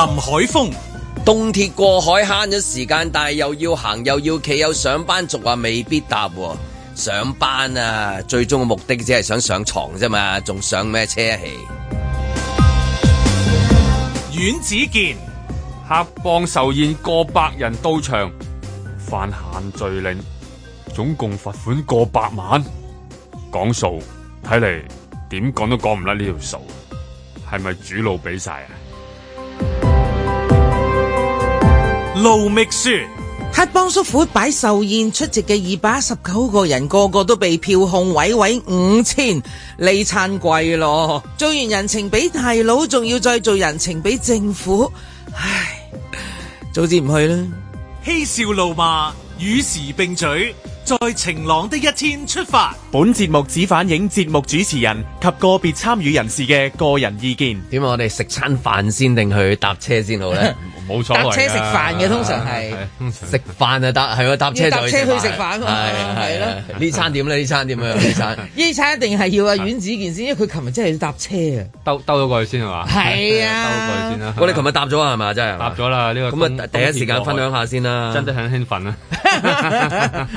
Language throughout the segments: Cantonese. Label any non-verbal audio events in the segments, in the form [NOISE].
林海峰，東鐵過海慳咗時間，但係又要行又要企，有上班族話未必搭。上班啊，最終嘅目的只係想上床啫嘛，仲上咩車？阮子健，黑幫壽宴過百人到場，犯限聚令，總共罰款過百萬。講數睇嚟，點講都講唔甩呢條數，係咪主腦俾晒啊？盧覓雪，黑幫叔父擺壽宴出席嘅二百一十九個人，個個都被票控，位位五千，你餐貴咯。做完人情俾大佬，仲要再做人情俾政府，唉，早知唔去啦。嬉笑怒罵，與時並舉，在晴朗的一天出發。本節目只反映節目主持人及個別參與人士嘅個人意見。點啊？我哋食餐飯先定去搭車先好咧？冇錯，搭車食飯嘅通常係食飯啊，搭係咯，搭車搭車去食飯啊，係，呢餐點呢？呢餐點啊？呢餐呢餐一定係要阿丸子健先，因為佢琴日真係搭車啊。兜兜咗過去先係嘛？係啊，兜過去先啦。我哋琴日搭咗啊，係嘛？真係搭咗啦。呢個咁啊，第一時間分享下先啦，真的很興奮啊。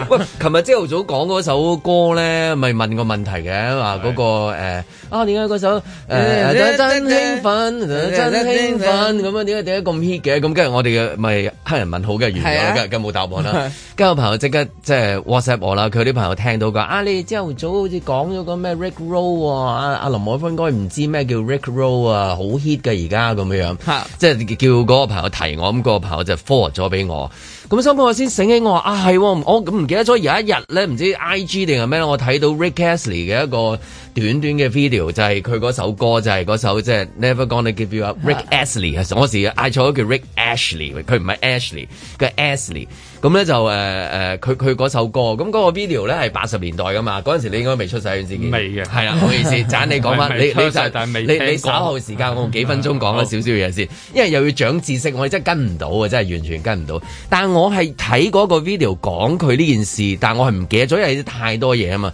喂，琴日朝頭早講嗰首歌咧。咪問個問題嘅話，嗰個、啊那個誒。呃啊！點解嗰首誒真興奮，真興奮咁樣？點解點解咁 hit 嘅？咁跟住我哋嘅咪黑人問號嘅原因，跟住冇答案啦。跟住個朋友即刻即係 WhatsApp 我啦，佢啲朋友聽到嘅啊，你朝頭早好似講咗個咩 Rickroll 啊！阿林海峰應該唔知咩叫 Rickroll 啊，好 hit 嘅而家咁樣樣，啊、即係叫嗰個朋友提我咁，嗰、那個朋友就 forward 咗俾我。咁收工我先醒起我話，係、啊、我咁唔記得咗有一日咧，唔知 IG 定係咩我睇到 Rick Astley 嘅一個。短短嘅 video 就係佢嗰首歌，就係、是、嗰首即係 Never Gonna Give You Up，Rick Astley 啊！ [MUSIC] ley, 我時嗌錯咗叫，叫 Rick Ashley，佢唔係 Ashley，佢係 Astley。咁咧就誒誒，佢佢嗰首歌，咁嗰個 video 咧係八十年代噶嘛，嗰陣時你應該未出世先未嘅。係啦的，唔、啊、好意思，贊 [LAUGHS] 你講翻，你你稍後時間我用幾分鐘講開少少嘢先，好因為又要長知識，我真係跟唔到啊，真係完全跟唔到。但係我係睇嗰個 video 講佢呢件事，但我係唔記得咗，因為太多嘢啊嘛。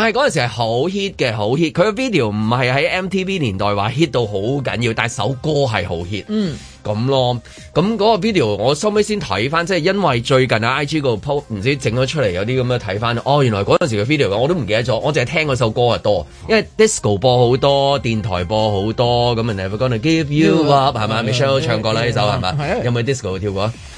但係嗰陣時係好 hit 嘅，好 hit。佢嘅 video 唔係喺 MTV 年代話 hit 到好緊要，但係首歌係好 hit。嗯，咁咯。咁嗰個 video 我收尾先睇翻，即係因為最近喺 IG 嗰度 post，唔知整咗出嚟有啲咁樣睇翻。哦，原來嗰陣時嘅 video 我都唔記得咗，我淨係聽嗰首歌啊多。因為 disco 播好多，電台播好多，咁人哋會講到 Give You Up 係咪？咪唱過啦呢首係咪？有冇 disco 跳過？音楽 plein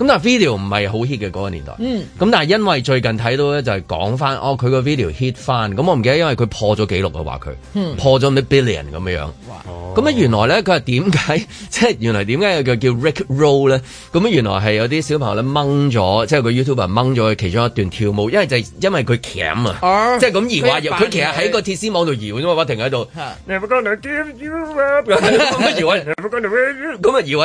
咁但係 video 唔係好 hit 嘅嗰個年代，咁但係因為最近睇到咧，就係講翻哦佢個 video hit 翻，咁我唔記得，因為佢破咗紀錄啊，話佢破咗咩 billion 咁樣，咁樣原來咧，佢係點解，即係原來點解又叫叫 Rick Roll 咧？咁原來係有啲小朋友咧掹咗，即係個 YouTuber 掹咗佢其中一段跳舞，因為就係因為佢鉗啊，即係咁搖啊搖，佢其實喺個鐵絲網度搖㗎嘛，不停喺度，咁啊搖啊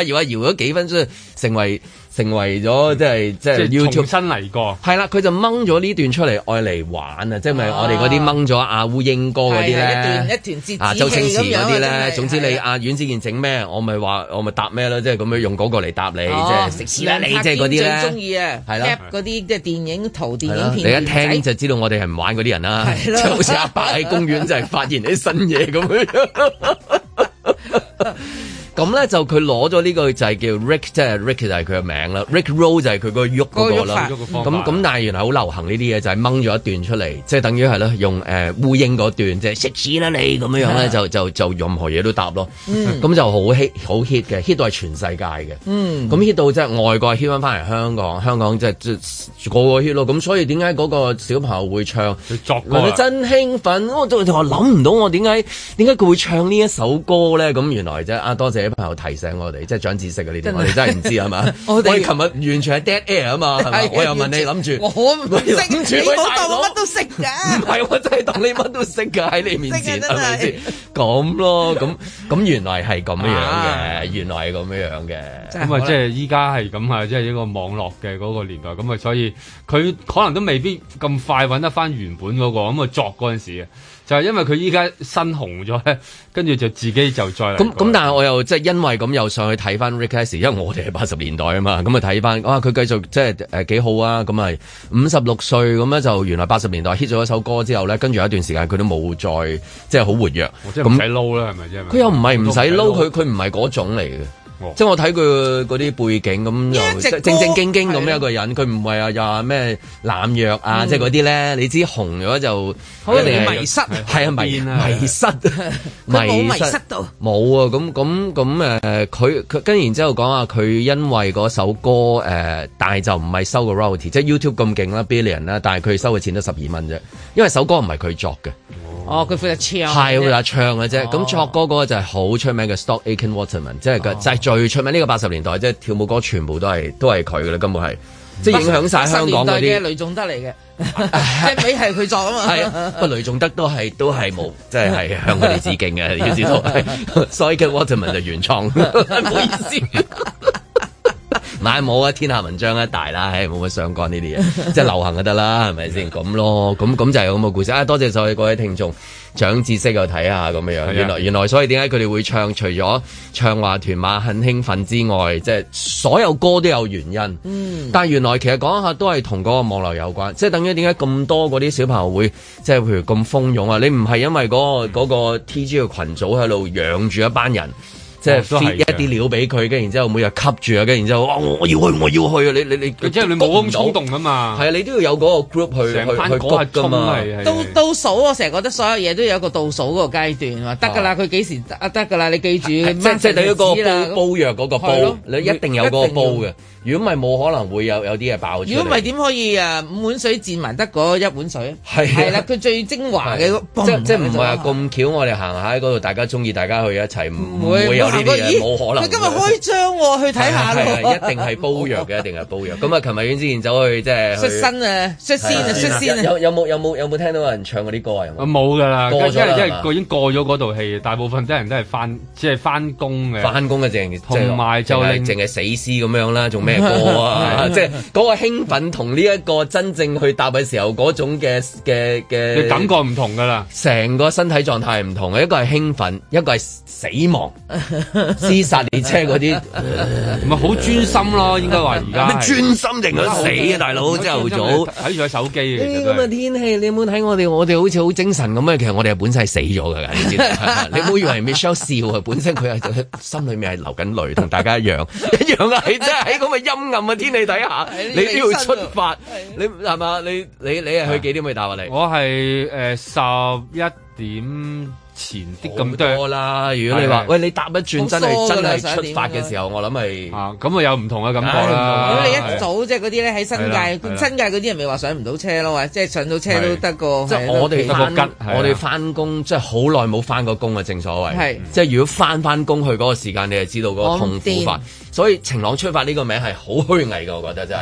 搖啊搖咗幾分鐘，成為。成為咗即係即係 YouTube 新嚟過，係啦，佢就掹咗呢段出嚟愛嚟玩啊！即係咪我哋嗰啲掹咗阿烏英哥嗰啲咧，一段一段啊，周星馳嗰啲咧。總之你阿阮子健整咩，我咪話我咪答咩咯，即係咁樣用嗰個嚟答你，即係食屎啦你，即係嗰啲咧。最中意啊！係嗰啲即係電影圖、電影片。你一聽就知道我哋係唔玩嗰啲人啦，好似阿伯喺公園就係發現啲新嘢咁樣。咁咧就佢攞咗呢個就係叫 Rick，即係 Rick 就係佢嘅名啦，Rick Roll 就係佢個喐嗰個啦。咁咁那、呃、但係原來好流行呢啲嘢就係掹咗一段出嚟，即係等於係咯，用誒烏蠅嗰段即係食屎啦你咁樣樣就就就任何嘢都答咯。嗯，咁就好 hit 好 hit 嘅，hit 到全世界嘅。嗯，咁 hit 到即係外國 hit 翻翻嚟香港，香港即係即個個 hit 咯。咁、mm。所以點解嗰個小朋友會唱？佢作嘅だ bridge. 真興奮，我我諗唔到我點解點解佢會唱呢一首歌咧？咁原來啫，啊多謝。有啲朋友提醒我哋，即係長知識嘅呢啲，我哋真係唔知係嘛。我哋琴日完全係 dead air 啊嘛，我又問你諗住，我唔識唔住，我當乜都識嘅。唔係我真係當你乜都識噶，喺你面前係咪先？咁咯，咁咁原來係咁樣嘅，原來係咁樣嘅。咁啊，嗯、即係依家係咁啊，即係一個網絡嘅嗰個年代，咁啊，所以佢可能都未必咁快揾得翻原本嗰個咁啊，作嗰陣時。就係因為佢依家新紅咗咧，跟住就自己就再咁咁，但係我又即係、就是、因為咁又上去睇翻 Rick Astley，因為我哋係八十年代啊嘛，咁啊睇翻，哇佢繼續即係誒幾好啊，咁啊五十六歲咁咧，就原來八十年代 hit 咗一首歌之後咧，跟住有一段時間佢都冇再即係好活躍，咁唔使撈啦係咪啫？佢又唔係唔使撈，佢佢唔係嗰種嚟嘅。哦、即係我睇佢嗰啲背景咁又正正經經咁樣一個人，佢唔係啊又話咩濫藥啊，啊嗯、即係嗰啲咧。你知紅咗就好，能迷失，係啊迷，迷，迷失，的迷失，迷失到冇失啊。咁咁咁誒，佢、呃、跟然之後講啊，佢因為嗰首歌誒、呃，但係就唔係收個 royalty，即係 YouTube 咁勁啦，billion 啦，Bill ion，但係佢收嘅錢都十二蚊啫，因為首歌唔係佢作嘅。哦，佢負責唱係啦，負責唱嘅啫。咁、哦、作歌嗰個就係好出名嘅 Stock Aitken Waterman，即係個即係最出名呢個八十年代，即、就、係、是、跳舞歌全部都係都係佢噶啦，根本係、嗯、即係影響晒香港嗰啲。八十年代嘅雷仲德嚟嘅，一味係佢作啊嘛。係， [LAUGHS] 個雷仲德都係都係冇，即係係向佢哋致敬嘅，要知道。所以嘅 Waterman 就原創，唔好意思。 [LAUGHS] 買冇啊，天下文章一大啦，唉，冇乜想講呢啲嘢， [LAUGHS] 即係流行就得啦，係咪先？咁咯，咁咁就係咁嘅故事啊！多謝所有各位聽眾，長知識去睇下咁嘅樣，原來原來，所以點解佢哋會唱？除咗唱話《團馬很興奮》之外，即係所有歌都有原因。嗯，但係原來其實講一下都係同嗰個網絡有關，即係等於點解咁多嗰啲小朋友會即係譬如咁蜂擁啊？你唔係因為嗰個嗰個 TG 嘅群組喺度養住一班人。即係 fit 一啲料俾佢，跟住然之後每日吸住啊，跟住然之後哇，我我要去，我要去啊！你你你，即係你冇咁衝動啊嘛，係啊，你都要有嗰個 group 去去去嗰下噶嘛，到到數，我成日覺得所有嘢都要有一個倒數嗰個階段啊，得㗎啦，佢幾時得得㗎啦，你記住，即即係你嗰個煲藥嗰個煲，你一定有嗰個煲嘅。如果唔係冇可能會有有啲嘢爆出嚟。如果唔係點可以誒五碗水煎埋得嗰一碗水啊？係係啦，佢最精華嘅。即即唔係話咁巧，我哋行下喺嗰度，大家中意，大家去一齊。唔會有呢啲嘅，冇可能。你今日開張喎，去睇下。一定係煲藥嘅，一定係煲藥。咁啊，琴日先之前走去即係。出新啊！出新啊！出新啊！有冇有冇有冇聽到人唱嗰啲歌啊？冇冇㗎啦，因為因為佢已經過咗嗰套戲，大部分啲人都係翻即係翻工嘅。翻工嘅淨同埋係死屍咁樣啦，啊，即係嗰個興奮同呢一個真正去搭嘅時候嗰種嘅嘅嘅，感覺唔同噶啦，成個身體狀態唔同嘅，一個係興奮，一個係死亡，屍殺列車嗰啲，唔係好專心咯，應該話而家咩專心定係死啊，大佬朝頭早睇住個手機，咁嘅天氣，你有冇睇我哋，我哋好似好精神咁啊，其實我哋嘅本身係死咗噶，你知，你冇以為 Michelle 笑啊，本身佢係心裏面係流緊淚，同大家一樣，一樣啊，係真係咁。陰暗嘅天氣底下，你都要出發，你係嘛？你你你係去幾點可以搭我嚟？我係誒十一點前啲咁多啦。如果你話喂，你搭一轉真係真係出發嘅時候，我諗係啊，咁啊有唔同嘅感覺啦。如果你一早即係嗰啲咧喺新界，新界嗰啲人咪話上唔到車咯？喂，即係上到車都得個。即係我哋翻，我哋翻工，即係好耐冇翻過工啊！正所謂係，即係如果翻翻工去嗰個時間，你就知道嗰個痛苦法。所以晴朗出發呢個名係好虛偽嘅，我覺得真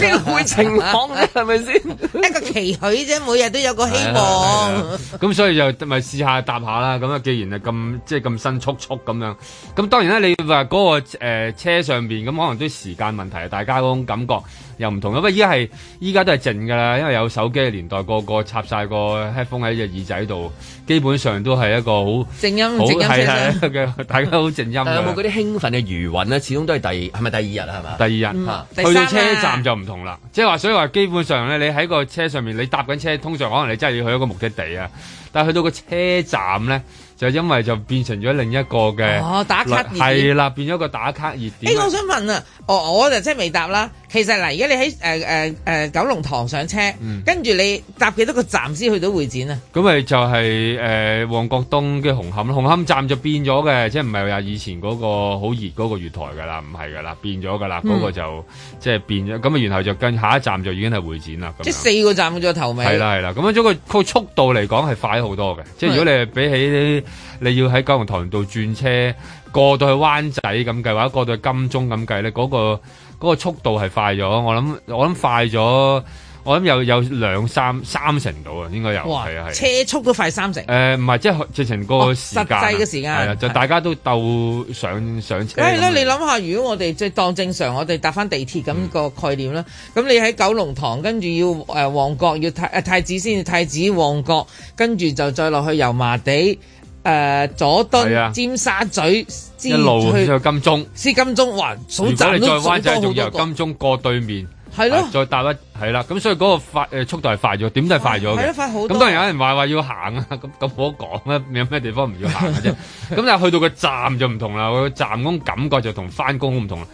係邊會晴朗啊？係咪先一個期許啫，每日都有個希望。咁 [LAUGHS] 所以就咪試下搭下啦。咁啊，既然係咁即係咁新簇簇咁樣，咁當然啦，你話嗰、嗰個誒、呃、車上邊咁，可能啲時間問題啊，大家嗰種感覺又唔同，因為依家係依家都係靜噶啦，因為有手機嘅年代，個個插晒個 headphone 喺隻耳仔度，基本上都係一個好靜音，嘅很，大家好靜音。 [LAUGHS] 有冇嗰啲興奮嘅餘韻咧？始終都係第係咪第二日啊？係嘛？第二日，去到車站就唔同啦。即係話，所以話基本上咧，你喺個車上面，你搭緊車，通常可能你真係要去一個目的地啊。但係去到個車站咧，就因為就變成咗另一個嘅、哦。打卡熱點。係啦，變咗個打卡熱點。Hey, 我想問啊，哦，我就真係未答啦。其實嗱，而家你喺誒誒誒九龍塘上車，跟住、嗯、你搭幾多個站先去到會展啊？咁咪就係、係、誒、呃、旺角東嘅紅磡咯，紅磡站就變咗嘅，即係唔係話以前嗰個好熱嗰個月台噶啦，唔係噶啦，變咗噶啦，嗰、嗯、個就即係變咗。咁啊，然後就跟下一站就已經係會展啦。即係四個站咗頭尾，係啦係啦。咁樣，咁、嗰個速度嚟講係快好多嘅。的即係如果你係比起你要喺九龍塘度轉車過到去灣仔咁計，或者過到去金鐘咁計咧，嗰、嗰個。嗰個速度係快咗，我諗我諗快咗，我諗有有兩三三成度啊，應該有係啊係車速都快三成誒，唔係、呃、即係直情個時間，哦、實際嘅時間係啊，就大家都鬥上的上，上車。梗係啦，你諗下，如果我哋即係當正常，我哋搭翻地鐵咁個概念啦。咁、嗯、你喺九龍塘跟住要誒旺角要太太子先至太子旺角，跟住就再落去油麻地。誒、呃，佐敦、尖沙咀、一路去金鐘，先金鐘環，如果你再灣仔，仲要由金鐘過對面，係咯的、呃，再搭一係啦。咁所以嗰個快誒速度係快咗，點都係快咗嘅。咁當然有人話話要行啊，咁咁冇得講啊，有咩地方唔要行嘅啫。咁 [LAUGHS] 但係去到個站就唔同啦，個站嗰種感覺就同返工好唔同啦。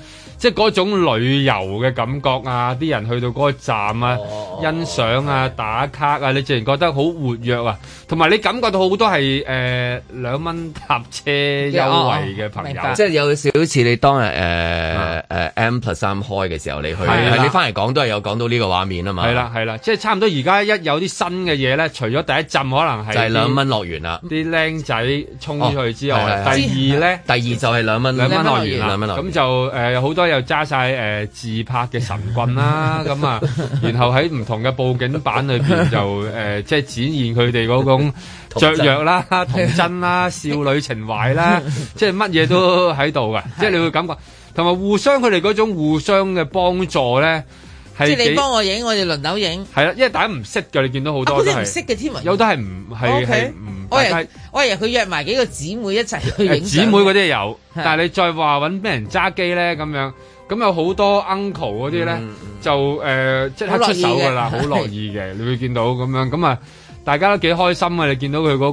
即係嗰種旅遊嘅感覺啊！啲人去到嗰個站啊，欣賞啊、打卡啊，你自然覺得好活躍啊。同埋你感覺到好多係誒兩蚊搭車優惠嘅朋友，即係有少少似你當日誒誒 M+ 開嘅時候你去，係你翻嚟講都係有講到呢個畫面啊嘛。係啦係啦，即係差唔多而家一有啲新嘅嘢咧，除咗第一浸可能係就係兩蚊樂園啊啲僆仔衝出去之外，第二咧，第二就係兩蚊兩蚊樂園啦，咁就誒好多。又揸晒誒自拍嘅神棍啦，咁啊，然後喺唔同嘅布景板裏邊就誒、呃， [LAUGHS] 即係展現佢哋嗰種雀躍啦、童真啦、真 [LAUGHS] 少女情懷啦， [LAUGHS] 即係乜嘢都喺度噶， [LAUGHS] 即係你會感覺，同埋 [LAUGHS] 互相佢哋嗰種互相嘅幫助咧。是即係你幫我影，我哋輪流影。係啦，因為大家唔識㗎，你見到好多啲唔、啊、識嘅添，有都係唔係係唔。我係我佢約埋幾個姊妹一齊去影相。姊、呃、妹嗰啲有，的但係你再話揾咩人揸機咧咁樣，咁有好多 uncle 嗰啲咧、嗯、就誒即、呃、刻出手㗎啦，好樂意嘅的，你會見到咁樣咁啊。大家都幾開心啊！你見到佢嗰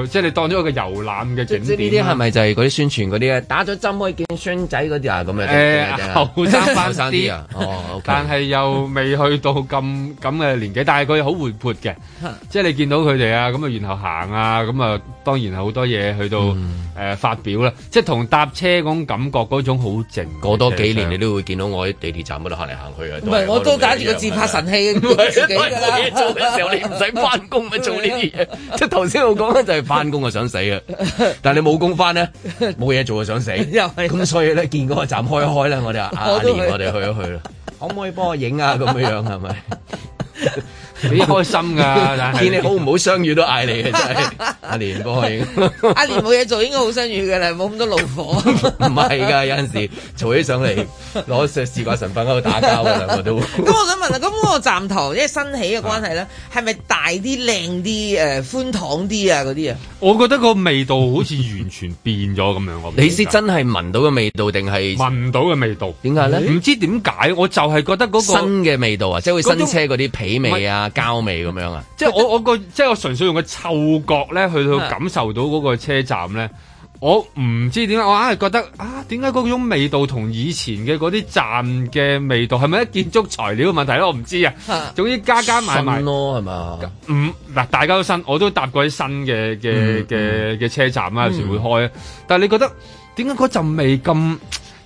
個，即係你當咗個遊覽嘅景點。即係呢啲係咪就係嗰啲宣傳嗰啲咧？打咗針可以見孫仔嗰啲啊咁啊！誒後生啲啊，但係又未去到咁咁嘅年紀，但係佢好活潑嘅，即係你見到佢哋啊咁啊，然後行啊咁啊，當然好多嘢去到誒發表啦，即係同搭車嗰種感覺嗰種好靜。過多幾年你都會見到我喺地鐵站嗰度行嚟行去啊！唔係，我都攬住個自拍神器。唔係嘅時候你唔使翻工。 [NOISE] 做呢啲嘢，即係頭先我講咧，就係翻工啊想死啊，但係你冇工翻咧，冇嘢做啊想死。咁 [LAUGHS] 是了 所以咧，見嗰個站開一開咧，我哋啊，阿蓮我哋去咗去啦。可唔可以幫我影啊？咁樣樣係咪？幾開心㗎，見你好唔好相處都嗌你嘅真係。阿年，哥開心。阿年冇嘢做，應該好相處嘅啦，冇咁多怒火。唔係㗎，有陣時嘈起上嚟，攞石士掛神粉喺度打交喎，兩個都。咁我想問下，咁個站頭因為新起嘅關係咧，係咪大啲、靚啲、誒寬敞啲啊？嗰啲啊？我覺得個味道好似完全變咗咁樣。我唔知。你先真係聞到個味道定係聞唔到嘅味道？點解咧？唔知點解，我就係覺得嗰個新嘅味道啊，即係會新車嗰啲皮味啊。膠味咁樣啊？即係我我個即係我純粹用個嗅覺咧去到感受到嗰個車站咧係，我唔知點解，我硬係覺得啊，點解嗰種味道同以前嘅嗰啲站嘅味道係咪一建築材料嘅問題咧？我唔知啊。係，總之加加埋埋咯，係嘛？嗯，嗱，大家都新，我都搭過啲新嘅嘅嘅嘅車站啊，有時會開。嗯，但係你覺得點解嗰陣味咁？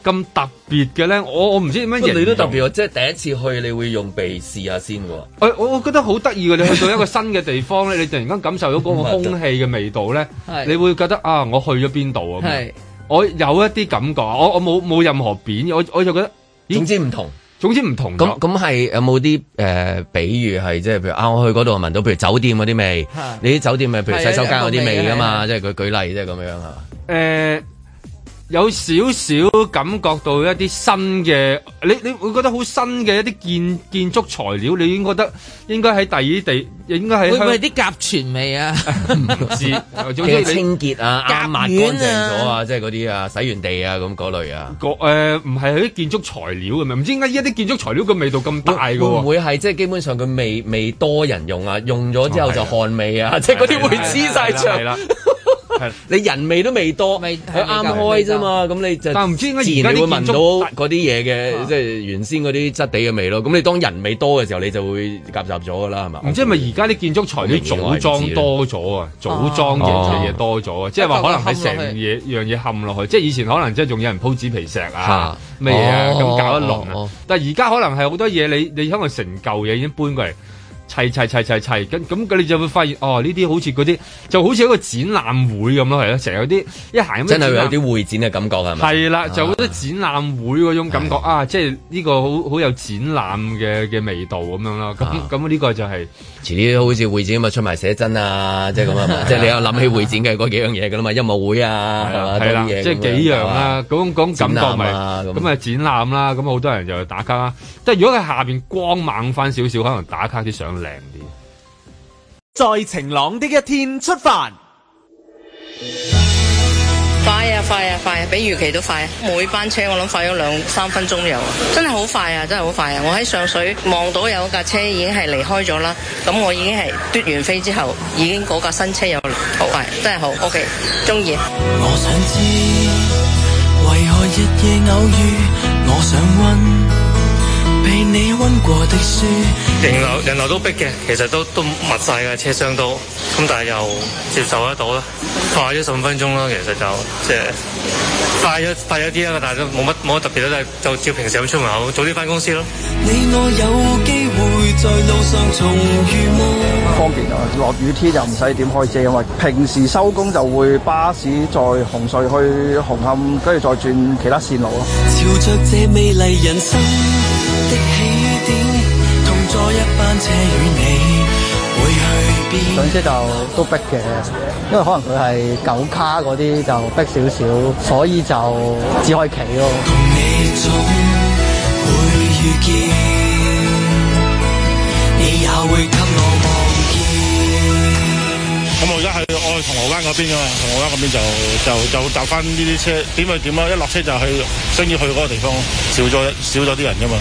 咁特別嘅咧，我我唔知乜嘢。你都特別喎，即係第一次去，你會用鼻試下先喎。我我覺得好得意喎！你去到一個新嘅地方咧，你突然間感受到嗰個空氣嘅味道咧，你會覺得啊，我去咗邊度啊？我有一啲感覺，我我冇冇任何貶，我我就覺得總之唔同，總之唔同咗。咁咁係有冇啲誒？比如係即係譬如啊，我去嗰度聞到，譬如酒店嗰啲味，你啲酒店咪譬如洗手間嗰啲味噶嘛？即係佢舉例，即係咁樣嚇嘛？誒。有少少感覺到一啲新嘅，你你會覺得好新嘅一啲建建築材料，你應該覺得應該喺第二地，應該係會唔會係啲甲醛味啊？唔知，仲要清潔啊、加埋乾淨咗啊，即係嗰啲啊，洗完地啊咁嗰類啊。個誒唔係嗰啲建築材料咁樣，唔知點解一啲建築材料嘅味道咁大嘅喎？會唔會係即係基本上佢未未多人用啊？用咗之後就汗味啊，即係嗰啲會黐晒出嚟。你人味都未多，佢啱開啫嘛，咁你就但唔知而家而家你聞到嗰啲嘢嘅，即係原先嗰啲質地嘅味咯。咁你當人味多嘅時候，你就會夾雜咗噶啦，係嘛？唔知係咪而家啲建築材料組裝多咗啊，組裝嘅嘢多咗啊，即係話可能係成嘢樣嘢冚落去，即係以前可能即係仲有人鋪紙皮石啊，咩嘢啊咁搞一輪啊，但係而家可能係好多嘢，你你可能成舊嘢已經搬過嚟。砌砌砌砌砌，咁咁你就會發現哦，呢啲好似嗰啲，就好似一個展覽會咁咯，係咯，成日有啲一行真係有啲會展嘅感覺係咪？係啦，就好多展覽會嗰種感覺啊，即係呢個好好有展覽嘅嘅味道咁樣啦。咁咁呢個就係遲啲好似會展咁啊，出埋寫真啊，即係咁啊，即係你有諗起會展嘅嗰幾樣嘢㗎啦嘛，音樂會啊，係嘛？係啦，即係幾樣啊。咁咁感覺咪咁啊展覽啦，咁好多人就打卡啦。即係如果喺下邊光猛翻少少，可能打卡啲相。靚啲，在晴朗的一天出發，快啊快啊快啊！比預期都快，啊，每班車我諗快咗兩三分鐘都有，真係好快啊！真係好快啊！我喺上水望到有架車已經係離開咗啦，咁我已經係嘟完飛之後，已經嗰架新車又好快，啊，真係好，OK，中意。我想知。人流人流，都逼嘅，其實都都密晒嘅車廂都，咁但係又接受得到啦，快咗十五分鐘啦，其實就即係快咗快咗啲啦，但係都冇乜冇乜特別咯，就就照平時咁出門口，早啲返公司咯。方便啊，落雨天就唔使點開車，因為平時收工就會巴士再紅隧去紅磡，跟住再轉其他綫路咯。朝着這美麗人生。的起點同坐一班車與你會去邊，上車就都逼嘅，因為可能佢係九卡嗰啲就逼少少，所以就只可以企咯。你總會遇見，你又會給我望見。咁我而家喺我去銅鑼灣嗰邊噶嘛，銅鑼灣嗰邊就就就搭翻呢啲車，點就點咯，一落車就去，想要去嗰個地方，少咗少咗啲人噶嘛。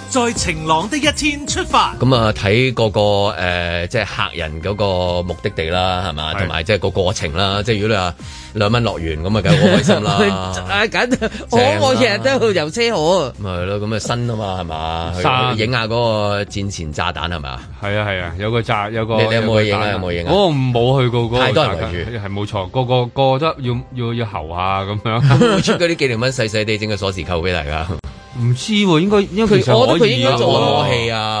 在晴朗的一天出發，咁啊睇個個誒，即係客人嗰個目的地啦，係嘛，同埋即係個過程啦。即係如果你話兩蚊樂園，咁啊梗好開心啦。啊，梗，我我日日都去遊車河，咪係咯，咁啊新啊嘛，係嘛，影下嗰個戰前炸彈係嘛，係啊係啊，有個炸，有個。你有冇去影？有冇影？我冇去過，太多人住，係冇錯，個個個得要要要猴下咁樣，出嗰啲紀念蚊細細地整個鎖匙扣俾大家。唔知喎，應該因為他其實可以我做啊。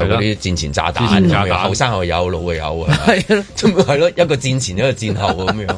啲戰前炸彈，後生又有，樣老又有啊，係咯樣，係咯，一個戰前， [LAUGHS] 一個戰後咁樣。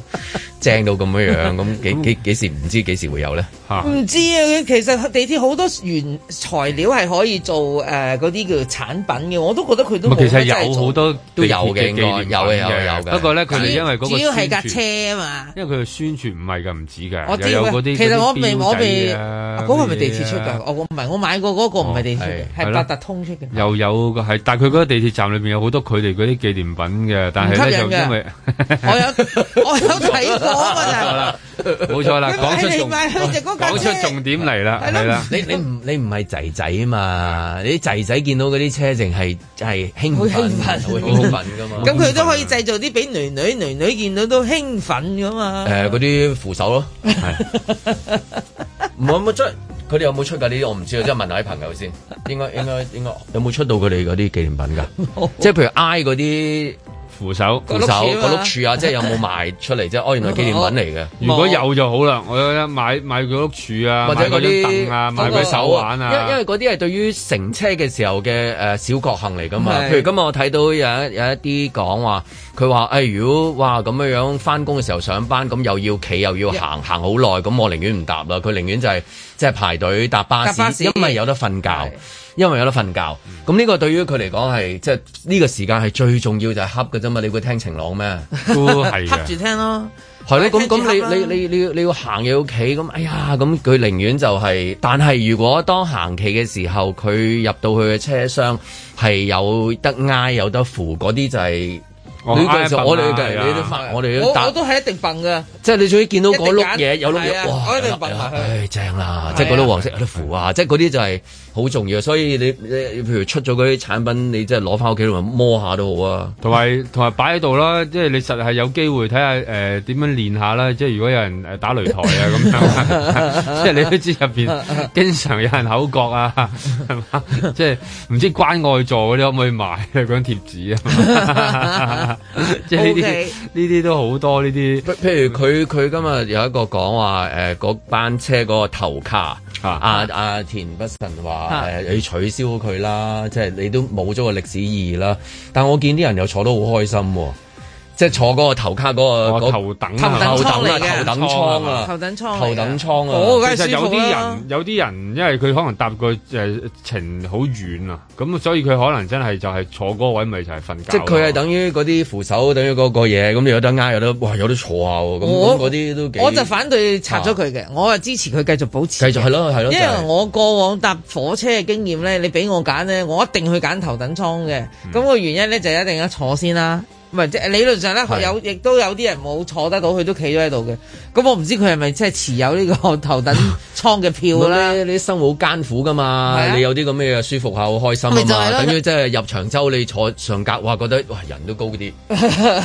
正到咁樣樣，咁幾幾幾時唔知幾時會有咧？嚇！唔知啊，其實地鐵好多原材料係可以做誒嗰啲叫產品嘅，我都覺得佢都冇係。其實有好多都有嘅，有嘅有嘅。不過咧，佢哋因為嗰個主要係架車啊嘛。因為佢宣傳唔係㗎，唔止嘅。我知啊，其實我未我未嗰個咪地鐵出嘅，我唔係我買過嗰個唔係地鐵出嘅，係八達通出嘅。又有個係，但係佢嗰個地鐵站裏面有好多佢哋嗰啲紀念品嘅，但係咧就因為我有我有睇。冇錯啦，冇錯啦，講出重點，講出重點嚟啦，係啦，你你唔你唔係仔仔吖嘛？你啲仔仔見到嗰啲車淨係係興奮，好興奮，好興奮㗎嘛？咁佢都可以製造啲俾囡囡囡囡見到都興奮㗎嘛？誒，嗰啲扶手咯，唔好冇出？佢哋有冇出㗎？呢啲我唔知啊，即係問下啲朋友先。應該應該應該有冇出到佢哋嗰啲紀念品㗎？即係譬如 I 嗰啲。扶手、扶手、個碌柱啊， [LAUGHS] 即係有冇賣出嚟啫？哦， [LAUGHS] 原來紀念品嚟嘅，如果有就好啦。我有買買佢碌柱啊，或者買嗰張凳啊，買佢手環啊。因、嗯、因為嗰啲係對於乘車嘅時候嘅誒、呃、小角行嚟㗎嘛。譬是如今日我睇到有有一啲講話，佢話：，誒、哎，如果哇咁樣樣返工嘅時候上班，咁又要企又要行，行好耐，咁我寧願唔搭啦。佢寧願就係、是。即係排隊搭巴士，巴士因為有得瞓覺，的因為有得瞓覺。咁呢、嗯、個對於佢嚟講係即係呢個時間係最重要，就係恰嘅啫嘛。你會聽晴朗咩？恰住 [LAUGHS] 聽咯，係咧的。咁咁、啊、你你你你你要行又要企咁，哎呀咁佢寧願就係、是。但係如果當行企嘅時候，佢入到去嘅車廂係有得挨有得扶，嗰啲就係、是。你繼續，我哋繼續，我哋都，我我都係一定瞓㗎，即係你最尾見到嗰碌嘢有碌嘢，哇，一定瞓㗎，唉正啦，即係嗰粒黃色有啲符啊，即係嗰啲就係。好重要，所以你你譬如出咗嗰啲產品，你即係攞翻屋企度摸下都好啊。同埋同埋擺喺度啦，即係你實係有機會睇下誒點樣練下啦。即係如果有人誒打擂台啊咁樣， [LAUGHS] 即係你都知入邊經常有人口角啊，係嘛？ [LAUGHS] 即係唔知關愛座嗰啲可唔可以買嗰、啊、張貼紙啊？ [LAUGHS] [LAUGHS] 即係呢啲呢啲都好多呢啲。譬如佢佢今日有一個講話誒嗰、呃、班車嗰個頭卡。啊！啊，啊！田北辰話：誒、啊，要、啊、取消佢啦，即係你都冇咗個歷史意義啦。但係我見啲人又坐得好開心喎、啊。即係坐嗰個頭卡嗰個頭等頭等頭等艙啊，頭等艙啊，其實有啲人有啲人，因為佢可能搭個誒程好遠啊，咁所以佢可能真係就係坐嗰個位，咪就係瞓覺。即係佢係等於嗰啲扶手，等於嗰個嘢，咁有得挨，有得，哇，有得坐下！咁嗰啲都幾我就反對拆咗佢嘅，我啊支持佢繼續保持，繼續係咯係咯。因為我過往搭火車嘅經驗咧，你俾我揀咧，我一定去揀頭等艙嘅。咁個原因咧就一定一坐先啦。理論上咧，是有亦都有啲人冇坐得到，佢都企咗喺度嘅。咁我唔知佢係咪即係持有呢個頭等艙嘅票啦？ [LAUGHS] 吧你生活好艱苦噶嘛，啊、你有啲咁嘅舒服下好開心啊嘛。是是是等於即係入長洲你坐上格哇覺得哇人都高啲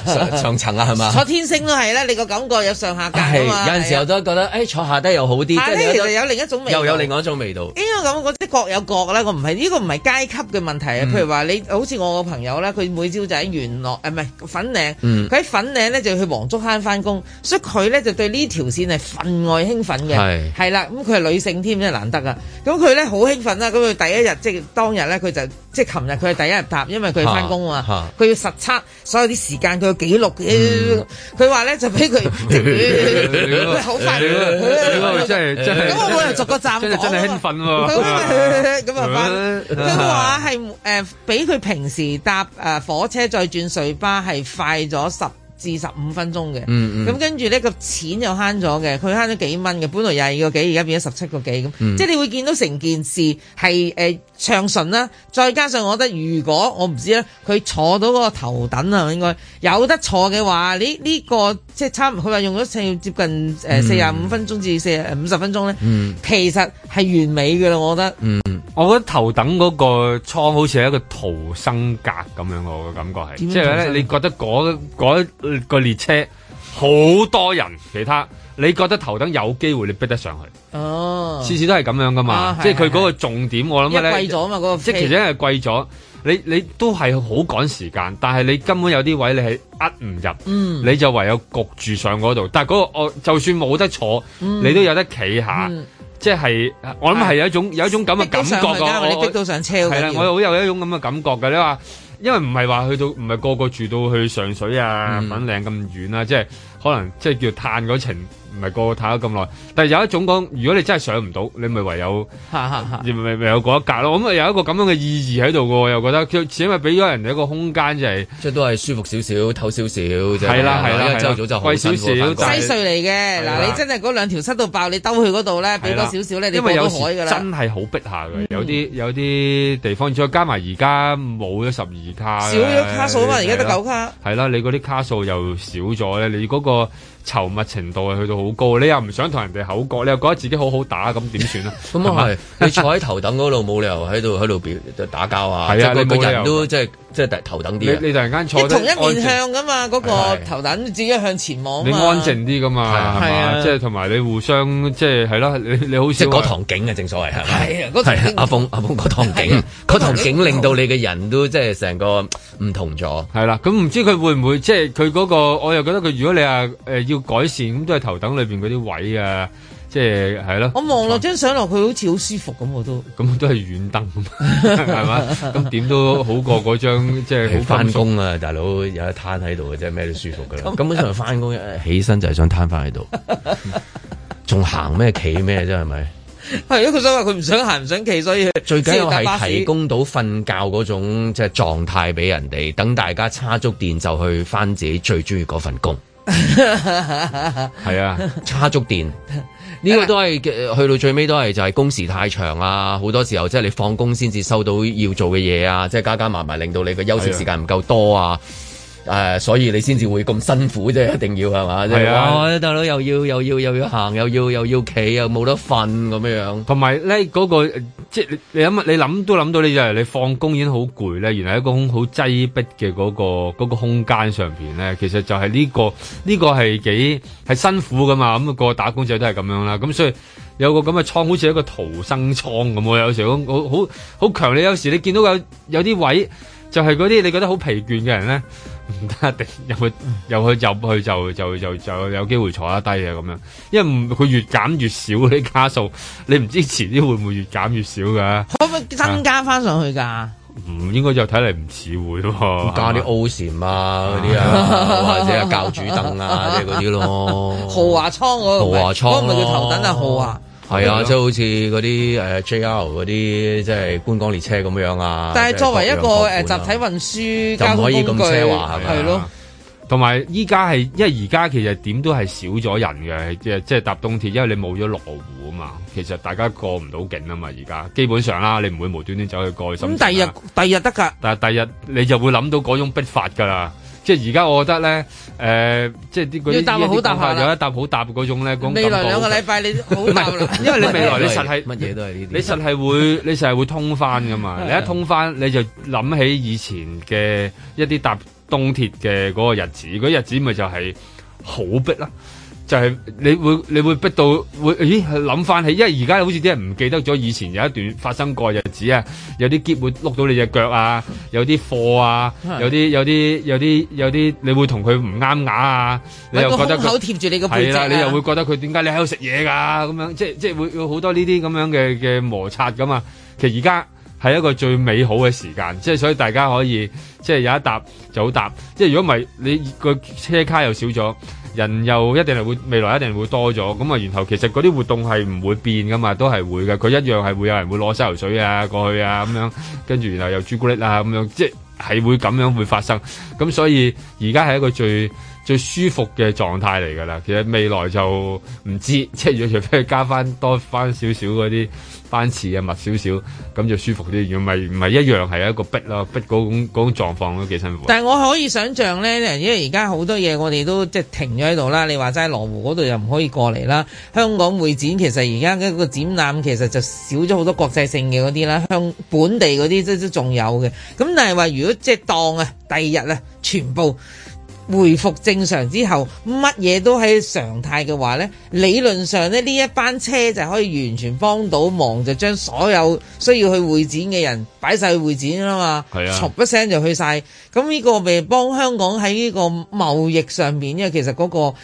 上，上層啊，係嘛？坐天星都係啦，你個感覺有上下格、啊、有陣時候、啊、都覺得誒、哎、坐下低又好啲，即係有另一種又有另外一種味道。因為咁，我覺得各有各啦。我唔係呢個唔係、這個、階級嘅問題啊。譬如話你好似我個朋友咧，佢每朝就喺元朗誒唔係。是啊嗯、粉嶺，佢喺粉嶺咧，就去黃竹坑翻工，所以佢咧就是、對呢條線係分外興奮嘅，係啦、啊，咁佢係女性添，真係難得啊！咁佢咧好興奮啦，咁佢第一日即係當日咧，佢就即係琴日佢係第一日搭，因為佢翻工啊嘛，佢、啊、要實測所有啲時間，佢嘅記錄，佢話咧就俾佢好快，哎、是是真係是真係，咁我每日逐個站講，興奮喎，咁啊是，佢話係誒俾佢平時搭誒火車再轉水巴。係快咗十至十五分鐘嘅，咁、嗯嗯、跟住呢個錢又慳咗嘅，佢慳咗幾蚊嘅，本來廿二個幾，而家變咗十七個幾咁，嗯、即係你會見到成件事係誒、呃、暢順啦，再加上我覺得如果我唔知咧，佢坐到嗰個頭等啊，應該有得坐嘅話，呢呢、呢個。即係差，佢話用咗四接近誒四十五分鐘至四五十分鐘咧，嗯、其實係完美嘅啦，我覺得。嗯，我覺得頭等嗰個艙好似係一個逃生格咁樣，我嘅感覺係。即係咧，你覺得嗰嗰、嗰個列車好多人，其他你覺得頭等有機會你逼得上去。哦，次次都係咁樣噶嘛，即係佢嗰個重點，我諗咧。貴咗啊嘛，嗰、嗰個即係其實因為貴咗。你你都係好趕時間，但係你根本有啲位你係呃唔入，嗯、你就唯有焗住上嗰度。但係嗰、嗰個我就算冇得坐，嗯、你都有得企下，嗯、即係我諗係有一種、嗯、有一種咁嘅感覺噶。我係啦，我好有一種咁嘅感覺噶、嗯。你話因為唔係話去到唔係個個住到去上水啊粉嶺咁遠啦，即係可能即係叫嘆嗰程。唔係個個睇咗咁耐，但係有一種講，如果你真係上唔到，你咪唯有你咪咪有嗰一格咯。咁啊有一個咁樣嘅意義喺度嘅，又覺得即係因為俾咗人哋一個空間，就係即係都係舒服少少、透少少啫。係啦係啦，早就貴少少，低稅嚟嘅。嗱，你真係嗰兩條塞到爆，你兜去嗰度咧，俾多少少咧，你過到海㗎啦。真係好逼下嘅，有啲有啲地方，再加埋而家冇咗十二卡，少咗卡數啊嘛，而家得九卡。係啦，你嗰啲卡數又少咗咧，你嗰個。稠密程度係去到好高，你又唔想同人哋口角，你又覺得自己好好打，咁點算啊？咁啊係，你坐喺頭等嗰度冇理由喺度喺度表就打交啊！係啊，個個人都即係。即係頭等啲、啊，你突然間坐同一面靜向嘅嘛？嗰、嗰個係係頭等自己向前望，你安靜啲嘅嘛，係嘛？即係同埋你互相即係係咯，你你好識嗰堂景啊，正所謂係嘛？係啊，嗰堂阿鳳阿鳳堂景，嗰 [LAUGHS] 堂景令到你嘅人都即係成個唔同咗。係啦、啊，咁唔知佢會唔會即係佢嗰個？我又覺得佢如果你話誒要改善，咁都係頭等裏邊嗰啲位啊。即係係咯，就是，我望落張相落去好似好舒服咁，我都咁 [LAUGHS] 都係軟凳，係 [LAUGHS] 嘛？咁點都好過嗰張即係好翻工啊！大佬有一攤喺度嘅，即係咩都舒服嘅。 [LAUGHS] 根本上係翻工，起身就係想攤翻喺度，仲、 [LAUGHS] 嗯、行咩？企咩？真係咪？係 [LAUGHS] 啊！佢想話佢唔想行唔想企，所以最緊要係提供到瞓覺嗰種即係狀態俾人哋，等 [LAUGHS] 大家叉足電就去翻自己最中意嗰份工。係 [LAUGHS] 啊，叉足電。呢個都係去到最尾都係就係工時太長啊！好多時候，即係你放工先至收到要做嘅嘢啊，即係加加埋埋，令到你嘅休息時間唔夠多啊！誒、啊，所以你先至會咁辛苦啫，一定要係嘛？係啊，大佬又要又要又要行，又要又要企，又冇得瞓咁樣樣。同埋咧，嗰個即係你諗，你諗都諗到你，你就係你放工已經好攰咧，原來一個好擠迫嘅嗰個、嗰個空間上邊咧，其實就係呢個、呢個係幾係辛苦噶嘛。咁、嗯、個打工仔都係咁樣啦。咁所以有個咁嘅倉，好似一個逃生倉咁。我有時好好好強烈，有時你見到有有啲位。就係嗰啲你覺得好疲倦嘅人咧，唔得一定入去入去入去就就就就，就，就有機會坐得低啊咁樣，因為佢越減越少啲卡數，你唔知遲啲會唔會越減越少嘅。會會越越少可唔可以增加翻上去㗎？唔、嗯、應該就睇嚟唔似會喎，加啲 O 僉啊嗰啲啊，啊啊或者係教主凳啊即係嗰啲咯。豪華艙嗰個，嗰個唔係叫頭等啊豪華。豪華係啊，即係好似嗰啲誒 J R 嗰啲，即係觀光列車咁樣啊。但係作為一個誒、嗯嗯、集體運輸交通工具，就唔可以咁奢華係咯。同埋依家係，因為而家其實點都係少咗人嘅，即係即係搭東鐵，因為你冇咗羅湖啊嘛。其實大家過唔到境啊嘛，而家基本上啦，你唔會無端端走去過去。咁第、嗯、日，日，第日得㗎。但係第日，日你就會諗到嗰種逼法㗎啦。即係而家我覺得咧，誒、呃，即係啲嗰啲一搭好搭，有一搭好搭嗰種咧，講未來兩個禮拜 [LAUGHS] 你好搭， [LAUGHS] 因為你未來你實係乜嘢都係呢啲，你實係會，你實係會， [LAUGHS] 會通翻噶嘛？ [LAUGHS] 你一通翻你就諗起以前嘅一啲搭東鐵嘅嗰個日子，嗰日子咪就係好逼啦。就係你會你會逼到會咦諗翻起，因為而家好似啲人唔記得咗以前有一段發生過日子啊，有啲喼會碌到你隻腳啊，的有啲貨啊，有啲有啲有啲有啲你會同佢唔啱牙啊，你又覺得係啦，你又會覺得佢點解你喺度食嘢㗎咁樣，即即會有好多呢啲咁樣嘅嘅摩擦㗎嘛。其實而家係一個最美好嘅時間，即係所以大家可以即係有一搭就搭，即係如果唔係你個車卡又少咗。人又一定係會，未來一定會多咗。咁啊，然後其實嗰啲活動係唔會變噶嘛，都係會嘅。佢一樣係會有人會攞洗頭水啊過去啊咁樣，跟住然後又朱古力啊咁樣，即係會咁樣會發生。咁所以而家係一個最。最舒服嘅狀態嚟㗎啦，其實未來就唔知，即係如果除非加翻多翻少少嗰啲班次嘅密少少，咁就舒服啲。如果唔係唔係一樣係一個逼咯，逼嗰種嗰種狀況都幾辛苦。但係我可以想像咧，因為而家好多嘢我哋都即係停咗喺度啦。你話齋羅湖嗰度又唔可以過嚟啦。香港會展其實而家嗰個展覽其實就少咗好多國際性嘅嗰啲啦，向本地嗰啲都都仲有嘅。咁但係話如果即係當啊第二日咧，全部。回復正常之後，乜嘢都係常態嘅話咧，理論上咧呢一班車就可以完全幫到忙，就將所有需要去會展嘅人擺晒去會展啊嘛。係啊的，唰一聲就去晒，咁呢個咪幫香港喺呢個貿易上邊，因為其實嗰、那個誒、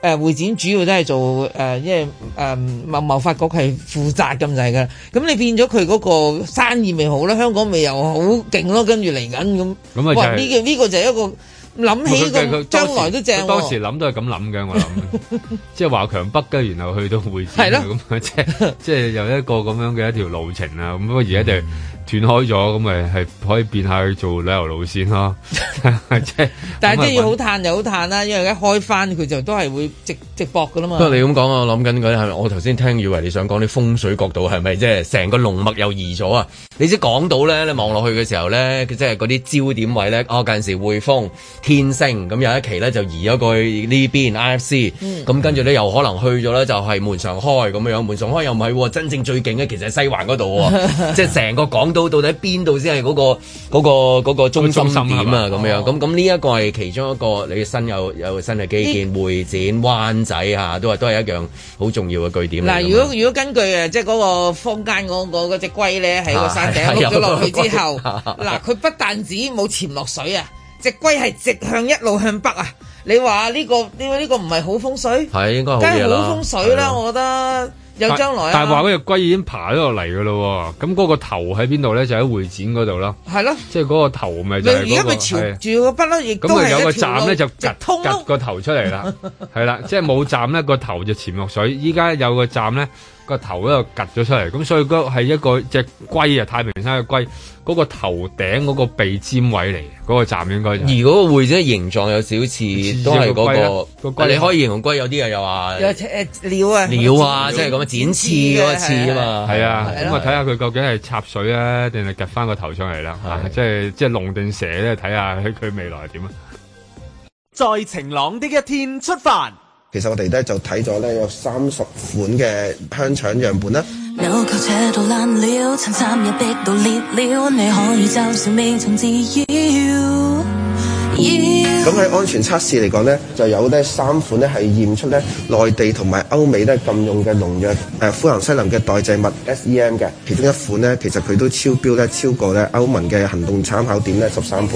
呃、會展主要都係做誒、呃，因為誒、呃、貿貿發局係負責咁就噶、是。咁你變咗佢嗰個生意咪好咯？香港咪又好勁咯？跟住嚟緊咁。咁啊，呢、就是這個呢、這個就係一個。諗起佢將來都正，當時諗都係咁諗嘅， [LAUGHS] 我諗，即係華強北嘅，然後去到會展，係啦， [LAUGHS] 咁樣即係即係有一個咁樣嘅一條路程啊。咁不過而家就係。 [LAUGHS] 斷開咗，咁咪係可以變下去做旅遊路線咯， [LAUGHS] 就是， [LAUGHS] 但係即係要好嘆就好嘆啦，因為而家開翻佢就都係會直直駁噶啦嘛。不過你咁講，我諗緊嗰啲係咪？是是我頭先聽以為你想講啲風水角度係咪？即係成個龍脈又移咗啊？你知港島咧，你望落去嘅時候咧，即係嗰啲焦點位咧，哦，近時匯豐、天星咁有一期咧就移咗過去呢邊 I F C，咁跟住咧又可能去咗咧就係門上開咁樣樣，門上開又唔係，真正最勁嘅其實係西環嗰度， [LAUGHS] 即係成個港。到到底邊度先係嗰個嗰個嗰個中心點啊？咁樣咁咁呢一個係其中一個你新有有新嘅基建會展灣仔啊，都係都係一樣好重要嘅據點。嗱，如果如果根據誒即係嗰個坊間嗰嗰嗰隻龜咧喺個山頂碌咗落去之後，嗱佢不但止冇潛落水啊，隻龜係直向一路向北啊！你話呢個呢個呢個唔係好風水？係應該好嘅啦，梗係好風水啦，我覺得。有將來啊！但係話嗰隻龜已經爬咗落嚟噶咯，咁嗰個頭喺邊度咧？就喺會展嗰度啦。係咯的，即係嗰個頭咪就係嗰、嗰個。而家咪朝住個不甩，亦佢的有一個站咧，就直通個頭出嚟啦。係啦， [LAUGHS] 即係冇站咧，個頭就潛落水。依家 [LAUGHS] 有個站咧。個頭喺度夾咗出嚟，咁所以嗰係一個隻龜啊，太平山嘅龜，嗰個頭頂嗰個鼻尖位嚟，嗰個站應該就而嗰個會者係形狀有少似，都係嗰個。你可以形容龜，有啲人又話有鳥啊，鳥啊，即係咁剪翅嗰個翅啊嘛，係啊。咁我睇下佢究竟係插水啊，定係夾翻個頭上嚟啦？即係即係龍定蛇咧？睇下佢未來點啊！在晴朗的一天出發。其實我哋咧就睇咗咧有三十款嘅香腸樣本啦。咁喺安全測試嚟講咧，就有呢三款咧係驗出咧內地同埋歐美咧禁用嘅農藥誒呋喃西林嘅代謝物 SEM 嘅，其中一款咧其實佢都超標咧超過咧歐盟嘅行動參考點咧十三倍。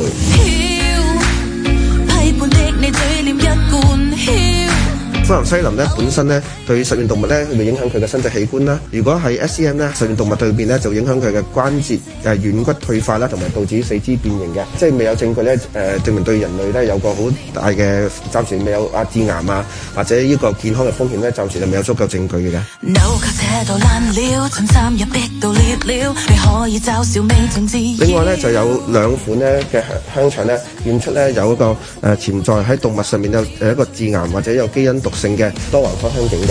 氟氯西林呢本身呢對實驗動物咧，會影響佢嘅身體器官啦。如果係 S C M 咧，實驗動物對邊咧就影響佢嘅關節誒軟、呃、骨退化啦，同埋導致四肢變形嘅。即係未有證據咧誒證明對人類咧有個好大嘅，暫時未有啊致癌啊，或者呢個健康嘅風險咧，暫時就未有足夠證據嘅。另外咧就有兩款咧嘅香腸咧驗出咧有一個誒潛在喺動物上面有誒一個致癌或者有基因毒。成嘅多環芳香烴嘅。